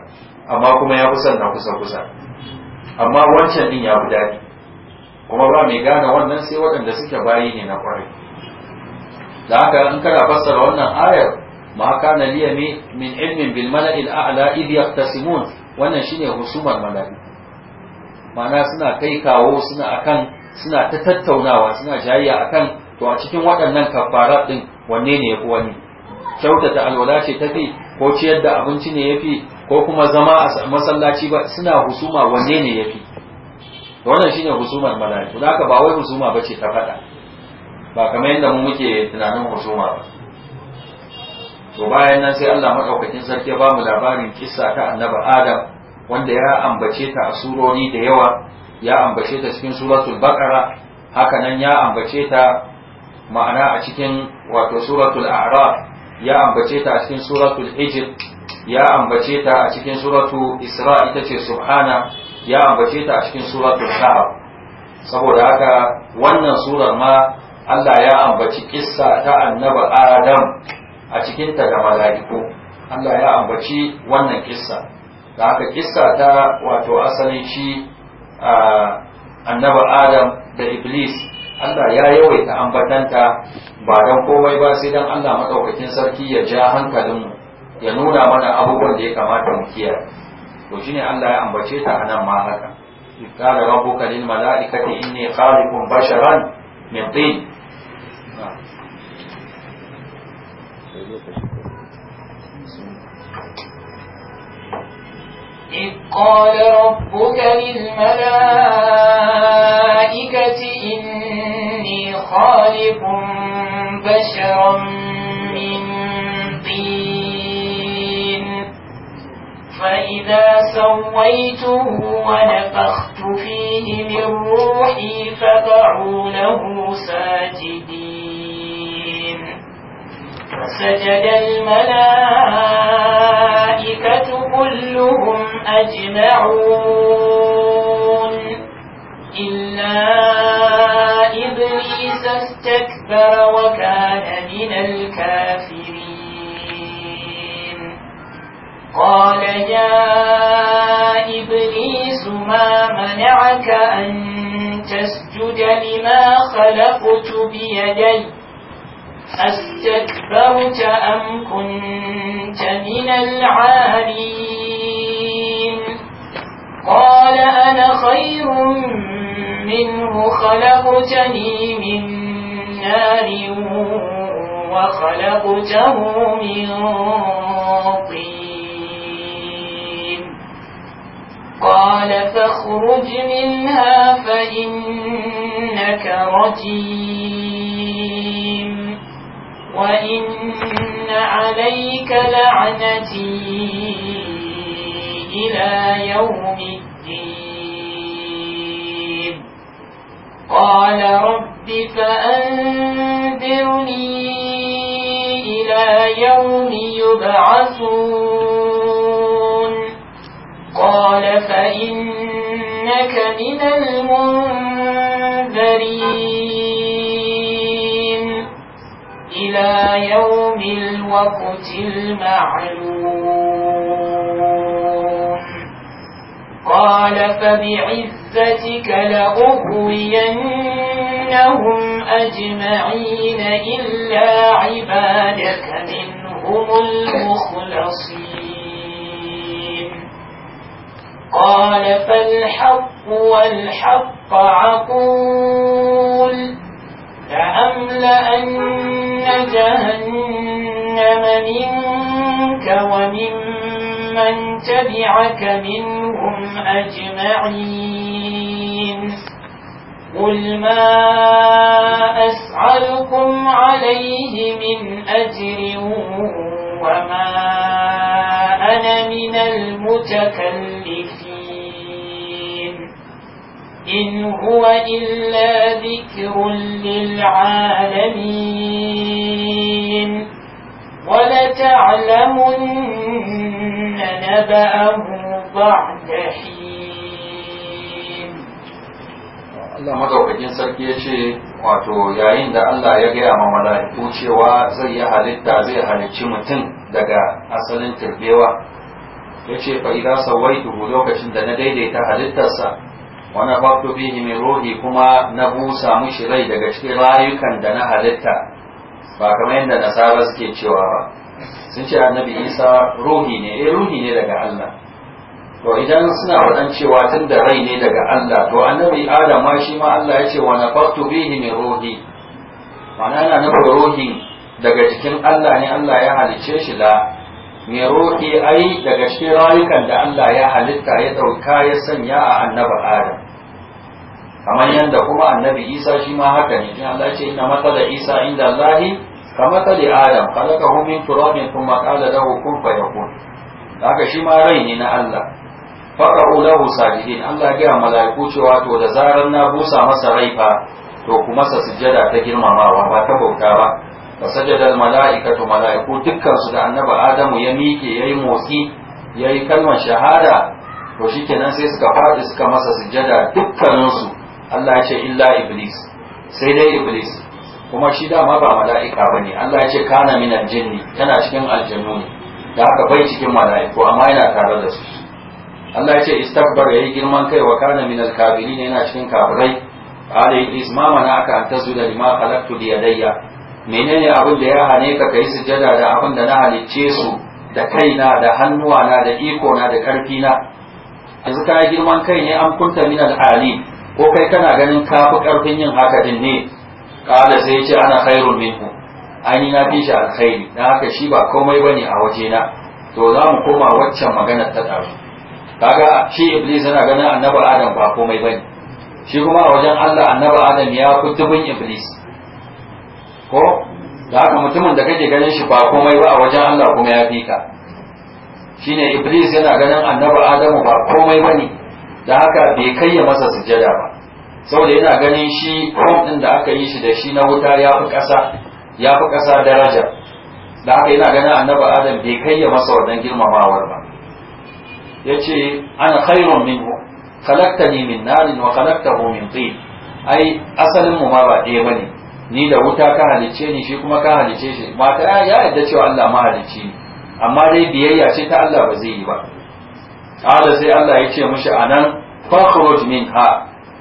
amma kuma ya kusa na kusa kusa amma wancan din ya fi daɗi kuma ba mai gane wannan sai waɗanda suke bayi ne na kwarai da haka in kana fassara wannan ayar ma kana liya min ilmin bil mala'il a'la id yaqtasimun wannan shine husumar malai ma'ana suna kai kawo suna akan suna ta tattaunawa suna jayayya akan to a cikin waɗannan kafarat ɗin, wanne ne ya fi wani kyautata alwala ce ta fi ko ciyar da abinci ne ya fi ko kuma zama a masallaci ba suna husuma wanne ne ya yafi wannan shine husumar mala'iku aka ba wai husuma ba ce ta faɗa ba kamar yadda mu muke tunanin husuma ba to bayan nan sai Allah madaukakin sarki ya ba mu labarin kissa ta annabi Adam wanda ya ambace ta a surori da yawa ya ambace ta cikin suratul baqara haka nan ya ambace ta ma'ana a cikin wato suratul a'raf ya ambace ta a cikin suratul hijr ya ambace ta a cikin suratul isra ita ce subhana ya ambace ta a cikin suratul kahf saboda haka wannan surar ma Allah ya ambaci kissa ta annabi Adam a cikin ta da malaiku Allah ya ambaci wannan kissa da haka kissa ta wato asalin shi ah, annabi Adam da Iblis Allah ya yawaita ambatanta ba don komai ba sai don Allah maɗaukakin sarki ya ja hankalinmu ya nuna mana abubuwan da ya kamata mu kiyar to shine Allah ya ambace ta a nan ma haka qala rabbuka lil mala'ikati inni khaliqun basharan min tin إذ قال ربك للملائكة إني خالق بشرا من طين فإذا سويته ونفخت فيه من روحي فقعوا له ساجدين فسجد الملائكة كلهم أجمعون إلا إبليس استكبر وكان من الكافرين قال يا إبليس ما منعك أن تسجد لما خلقت بيدي أستكبرت أم كنت من العالين قال أنا خير منه خلقتني من نار وخلقته من طين قال فاخرج منها فإنك رجيم وإن عليك لعنتي إلى يوم الدين قال رب فأنذرني إلى يوم يبعثون قال فإنك من المنذرين إلى يوم الوقت المعلوم قال فبعزتك لأغوينهم أجمعين إلا عبادك منهم المخلصين قال فالحق والحق عقول لأملأن جهنم منك وممن تبعك منهم أجمعين قل ما أسعلكم عليه من أجر وما أنا من المتكلم إن هو إلا ذكر للعالمين ولتعلمن نبأه بعد حين Allah madaukakin sarki ya ce wato yayin da Allah ya gaya ma mala'iku cewa zai yi halitta zai halicci mutum daga asalin turbewa ya ce fa'ida sauwai lokacin da na daidaita halittarsa wani bakto fihi min ruhi kuma na busa mushi rai daga cikin rayukan da na halitta ba kamar yadda nasara suke cewa ba sun ce annabi isa ruhi ne eh ruhi ne daga allah to idan suna wadan cewa tun da rai ne daga allah to annabi adam ma shi ma allah ya ce wani bakto fihi min ruhi ma'ana yana nufin ruhi daga jikin allah ne allah ya halicce shi da. mai roƙi ai daga cikin rayukan da Allah ya halitta ya ɗauka ya sanya a annaba Adam kamar yadda kuma annabi Isa shi ma haka ne in Allah ce ina matsala Isa inda Allahi ka matsali Adam ka khalaqahu min turabin thumma qala lahu kun fayakun haka shi ma rai ne na Allah faqa'u lahu sajihin Allah ya mala'iku cewa to da zarar na busa masa rai fa to kuma sa sujjada ta girmamawa ba ta bauta ba وسجد الملائكة ملائكة دكا سدى النبى آدم يميكي يي موسي يي كلمة شهادة وشيكي suka سكفاد سكمسا سجدا دكا ننسو الله يشي إلا إبليس dai إبليس kuma shi dama ba mala'ika ba ne Allah ya ce kana min jinni yana cikin aljannu ne da haka bai cikin mala'iku amma yana tare da su Allah ya ce istakbar yayi girman kai wa kana minal kafirin yana cikin kafirai ala iblis ma mana aka antazu da lima khalaqtu bi yadayya menene abin da ya hane ka kai sujada da abin da na halicce su da kaina da hannuwa na da ikona da ƙarfina yanzu kana girman kai ne an kunta min al'ali ko kai kana ganin ka karfin ƙarfin yin haka din ne Kada sai ya ce ana khairul minhu ani na fi shi alkhairi dan haka shi ba komai bane a waje na to za mu koma waccan magana ta tsaro kaga shi iblis yana ganin annabi adam ba komai bane shi kuma a wajen Allah annabi adam ya fi dubin iblis ko da haka mutumin da kake ganin shi ba komai ba a wajen Allah kuma ya fi ka shine iblis yana ganin annabi adamu ba komai bane da haka bai kai ya masa sujada ba saboda yana ganin shi kom din da aka yi shi da shi na wuta ya fi ƙasa ya fi kasa daraja da haka yana ganin annabi adam bai kai ya masa wannan girmamawar ba yace ana khairun minhu khalaqtani min narin wa khalaqtahu min tin ai asalin mu ma ba ɗaya bane ni da wuta ka halicce ni shi kuma ka halicce shi mata ah, ya yadda cewa Allah mahalicci ne amma dai biyayya ce ta Allah ba zai yi ba kada sai Allah ya ce mishi anan min ha.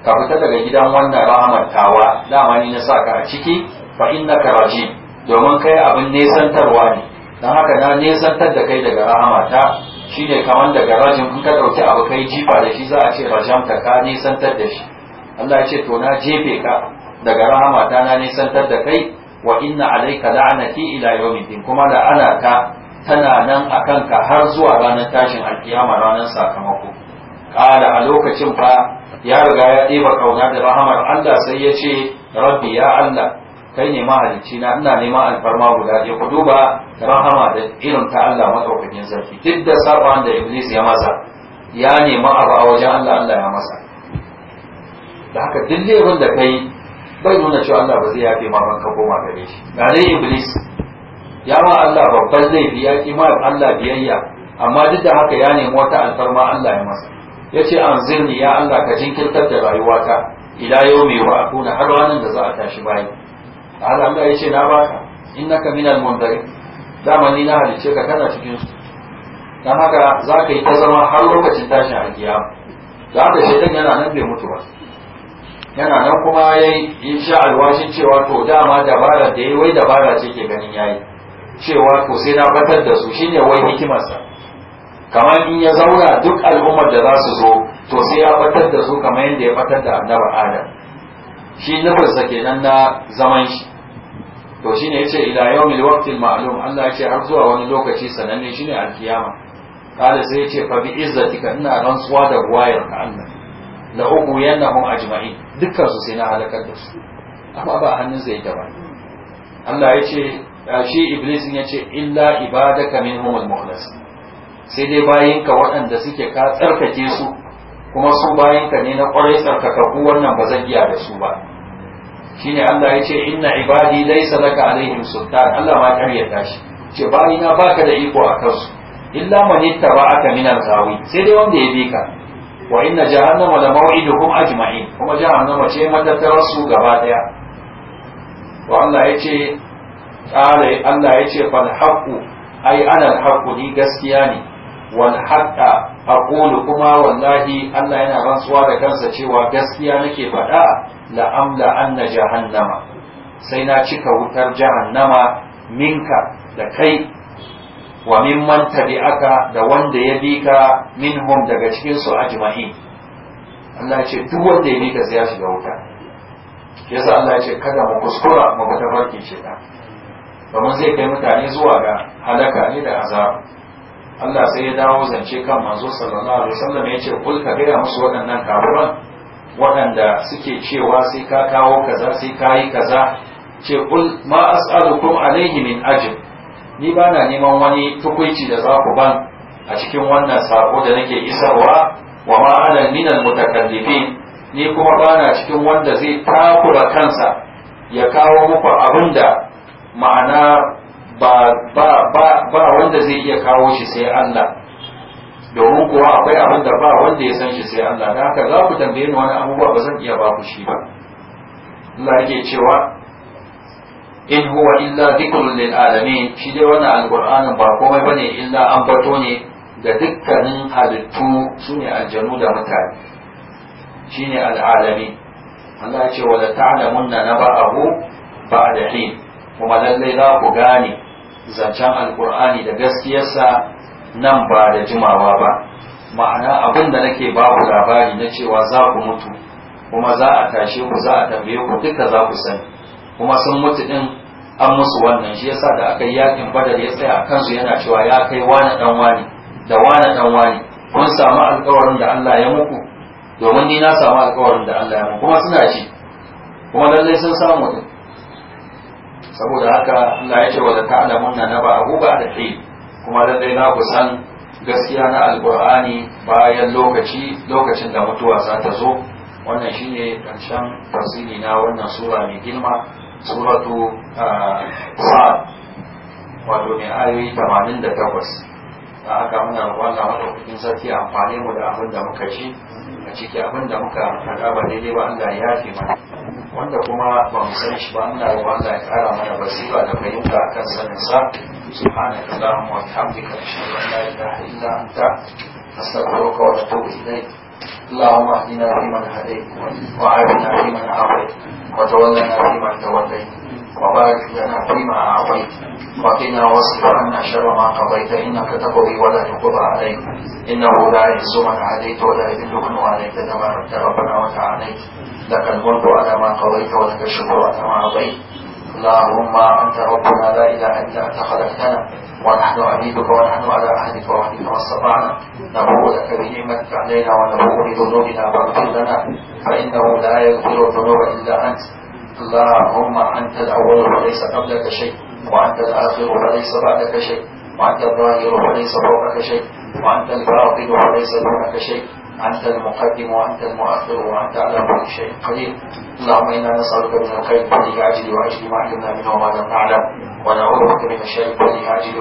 ka fita daga gidan wannan rahamar tawa dama ni na saka a ciki fa innaka rajim domin kai abin nesantarwa ne dan haka na nesantar da kai daga rahamata shine kaman daga rajim in ka dauki abu kai jifa da shi za a ce rajam ka ka nesantar da shi Allah ya ce to na jefe ka daga rahama ta na nisantar da kai wa inna alayka la'anati ila yawmiddin kuma la'ana ta tana nan akan ka har zuwa ranar tashin alkiyama ranar sakamako kala a lokacin fa ya riga ya ɗeba kauna da rahamar Allah sai ya ce rabbi ya Allah kai ne mahalicci na ina neman alfarma guda ya ku duba rahama da irin ta Allah madaukakin sarki duk da saban da iblis ya masa ya nemi abu a wajen Allah Allah ya masa da haka duk da kai bai nuna cewa Allah ba zai yafe ma ban ka koma gare shi dai iblis ya ma Allah babban laifi ya ki ma Allah biyayya amma duk da haka ya nemi wata alfarma Allah ya masa yace anzirni ya Allah ka jinkirtar da rayuwata ila mai wa akuna har wannan da za a tashi bayi Allah ya ce na baka innaka minal mundarin dama ni na halice ka kana cikin su dan haka za ka yi ta zama har lokacin tashin alkiyama da haka shaitan yana nan bai mutu ba yana nan kuma ya yi sha alwashi cewa to dama dabara da ya wai dabara ce ke ganin yayi cewa to sai na batar da su shine wai hikimarsa kamar in ya zaura duk al'ummar da za su zo to sai ya batar da su kamar yadda ya batar da annabi adam shi nufarsa kenan na zaman shi to shine yace ila yawmil waqtil ma'lum Allah ya ce har zuwa wani lokaci sananne shine alkiyama kada sai yace fa bi izzatika ina rantsuwa da ruwayar ka Allah la mun ajma'in dukkan su sai na halakar da su amma ba hannun zai ta ba Allah ya ce shi iblis ya ce illa ibadaka min humul mukhlas sai dai ka waɗanda suke ka tsarkake su kuma su ka ne na kwarai ku wannan ba zan iya da su ba shine Allah ya ce inna ibadi laysa laka alaihim sultan Allah ma karyata shi ce bayina baka da iko a kansu illa man ittaba'aka min al-ghawi sai dai wanda ya bi ka wa inna jahannama la maw'iduhum ajma'in kuma jahannama ce matattarar su gaba daya wa Allah yace tsare Allah yace fal haqqu ai ana al ni gaskiya ne wal haqqa aqulu kuma wallahi Allah yana rantsuwa da kansa cewa gaskiya nake faɗa la amla anna jahannama sai na cika wutar jahannama minka da kai wa mimman tabi'aka da wanda ya bi ka minhum daga cikin su ajma'i Allah ce duk wanda ya bi ka sai ya shiga wuta yasa Allah ya ce kada mu kuskura mu barki ce da domin zai kai mutane zuwa ga halaka ne da azab Allah sai ya dawo zance kan manzo sallallahu alaihi wasallam ya ce kul ka gaya musu waɗannan karuwan waɗanda suke cewa sai ka kawo kaza sai ka yi kaza ce kul ma as'alukum alaihi min ajr ni ba na neman wani tukunci da za ku ban a cikin wannan sako da nake isarwa wa ma'anar minan mutakallifin ni kuma ba na cikin wanda zai takura kansa ya kawo muku abin ma'ana ba, ba, ba, ba wanda zai iya kawo shi sai Allah domin kuwa akwai abin da ba wanda ya san shi sai Allah da haka za ku tambaye ni wani abubuwa ba zan iya ba ku shi ba Allah yake cewa in huwa illa dhikrun lil alamin shi dai wannan alqur'anin ba komai bane illa an bato ne da dukkanin halittu sune aljanu da mutane shine al'alami Allah ya ce wala ta'lamunna naba'ahu ba'da hin kuma lallai za ku gane zancen alqur'ani da gaskiyarsa nan ba da jimawa ba ma'ana abin da nake ba ku labari na cewa za ku mutu kuma za a tashe ku za a tambaye ku duka za ku sani kuma sun mutu din an musu wannan shi yasa da aka yi yakin badar ya tsaya a kansu yana cewa ya kai wani dan wani da wani dan wani kun samu alkawarin da Allah ya muku domin ni na samu alkawarin da Allah ya muku kuma suna ji kuma lallai sun samu din saboda haka Allah ya ce wa abu ba da kai kuma lallai na ku gaskiya na alkur'ani bayan lokaci lokacin da mutuwa za ta zo wannan shine karshen tafsiri na wannan sura mai girma suratu ah, sa'ad wato mai ayoyi tamanin da takwas aka muna roƙon wata kukin sarki amfani mu da abin da muka ci a ciki abin da muka faɗa ba daidai ba Allah ya fi mana wanda kuma ba mu san shi ba muna da Allah ya ƙara mana basira da fahimta akan sanin sa subhanaka allahumma wa bihamdika ashhadu an la ilaha illa anta astaghfiruka wa atubu ilayk اللهم اهدنا فيمن هديت وعافنا فيمن عافيت وتولنا فيمن توليت وبارك لنا فيما أعطيت وقنا واصرف عنا شر ما قضيت إنك تقضي ولا تقضى عليك إنه لا يعز من عاديت ولا يذل من عليك تباركت ربنا وتعاليت لك الملك على ما قضيت ولك الشكر على ما أعطيت اللهم أنت ربنا لا إله إلا أنت خلقتنا ونحن عبيدك ونحن على عهدك وعهدك ما استطعنا نبوء لك بنعمتك علينا ونبوء بذنوبنا فاغفر لنا فإنه لا يغفر الذنوب إلا أنت اللهم أنت الأول وليس قبلك شيء وأنت الآخر وليس بعدك شيء وأنت الظاهر وليس فوقك شيء وأنت الباطل وليس دونك شيء أنت المقدم وأنت المؤخر وأنت على كل شيء قدير اللهم إنا نسألك من الخير الذي عاجل وأجل ما علمنا منه وما لم نعلم ونعوذ بك من وعجل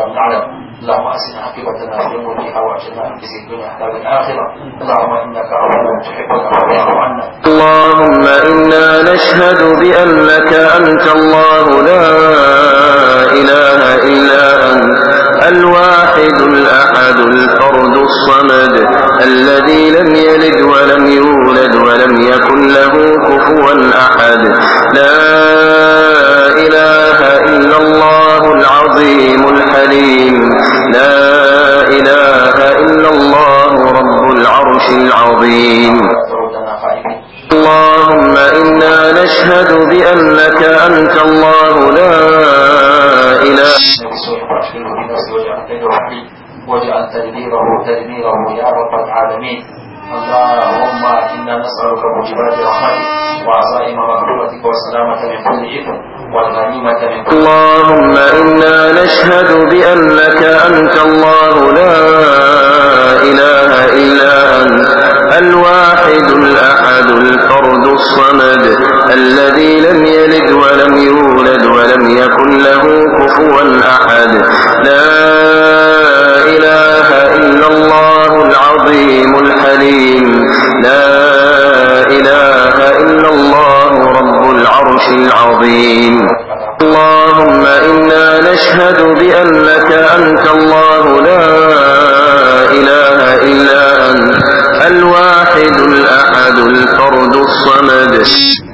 لم نعلم اللهم احسن عاقبتنا في امورها واجعلنا في الدنيا الاخره اللهم انك عفو تحب العفو عنا اللهم انا نشهد بانك انت الله لا اله الا انت الواحد الاحد الفرد الصمد الذي لم يلد ولم يولد ولم يكن له كفوا احد لا إله إلا الله العظيم الحليم لا إله إلا الله رب العرش العظيم اللهم إنا نشهد بأنك أنت الله لا إله واجعل تدبيره تدبيره يا رب العالمين اللهم إنا نسألك موجبات رحمتك وعزائم من كل إثم اللهم إنا نشهد بأنك أنت الله لا إله إلا أنت الواحد الأحد الفرد الصمد الذي لم يلد ولم يولد ولم يكن له كفوا أحد لا إله إلا الله العظيم الحليم لا إله إلا الله رب العرش العظيم اللهم إنا نشهد بأنك أنت الله لا إله إلا أنت الواحد الأحد الفرد الصمد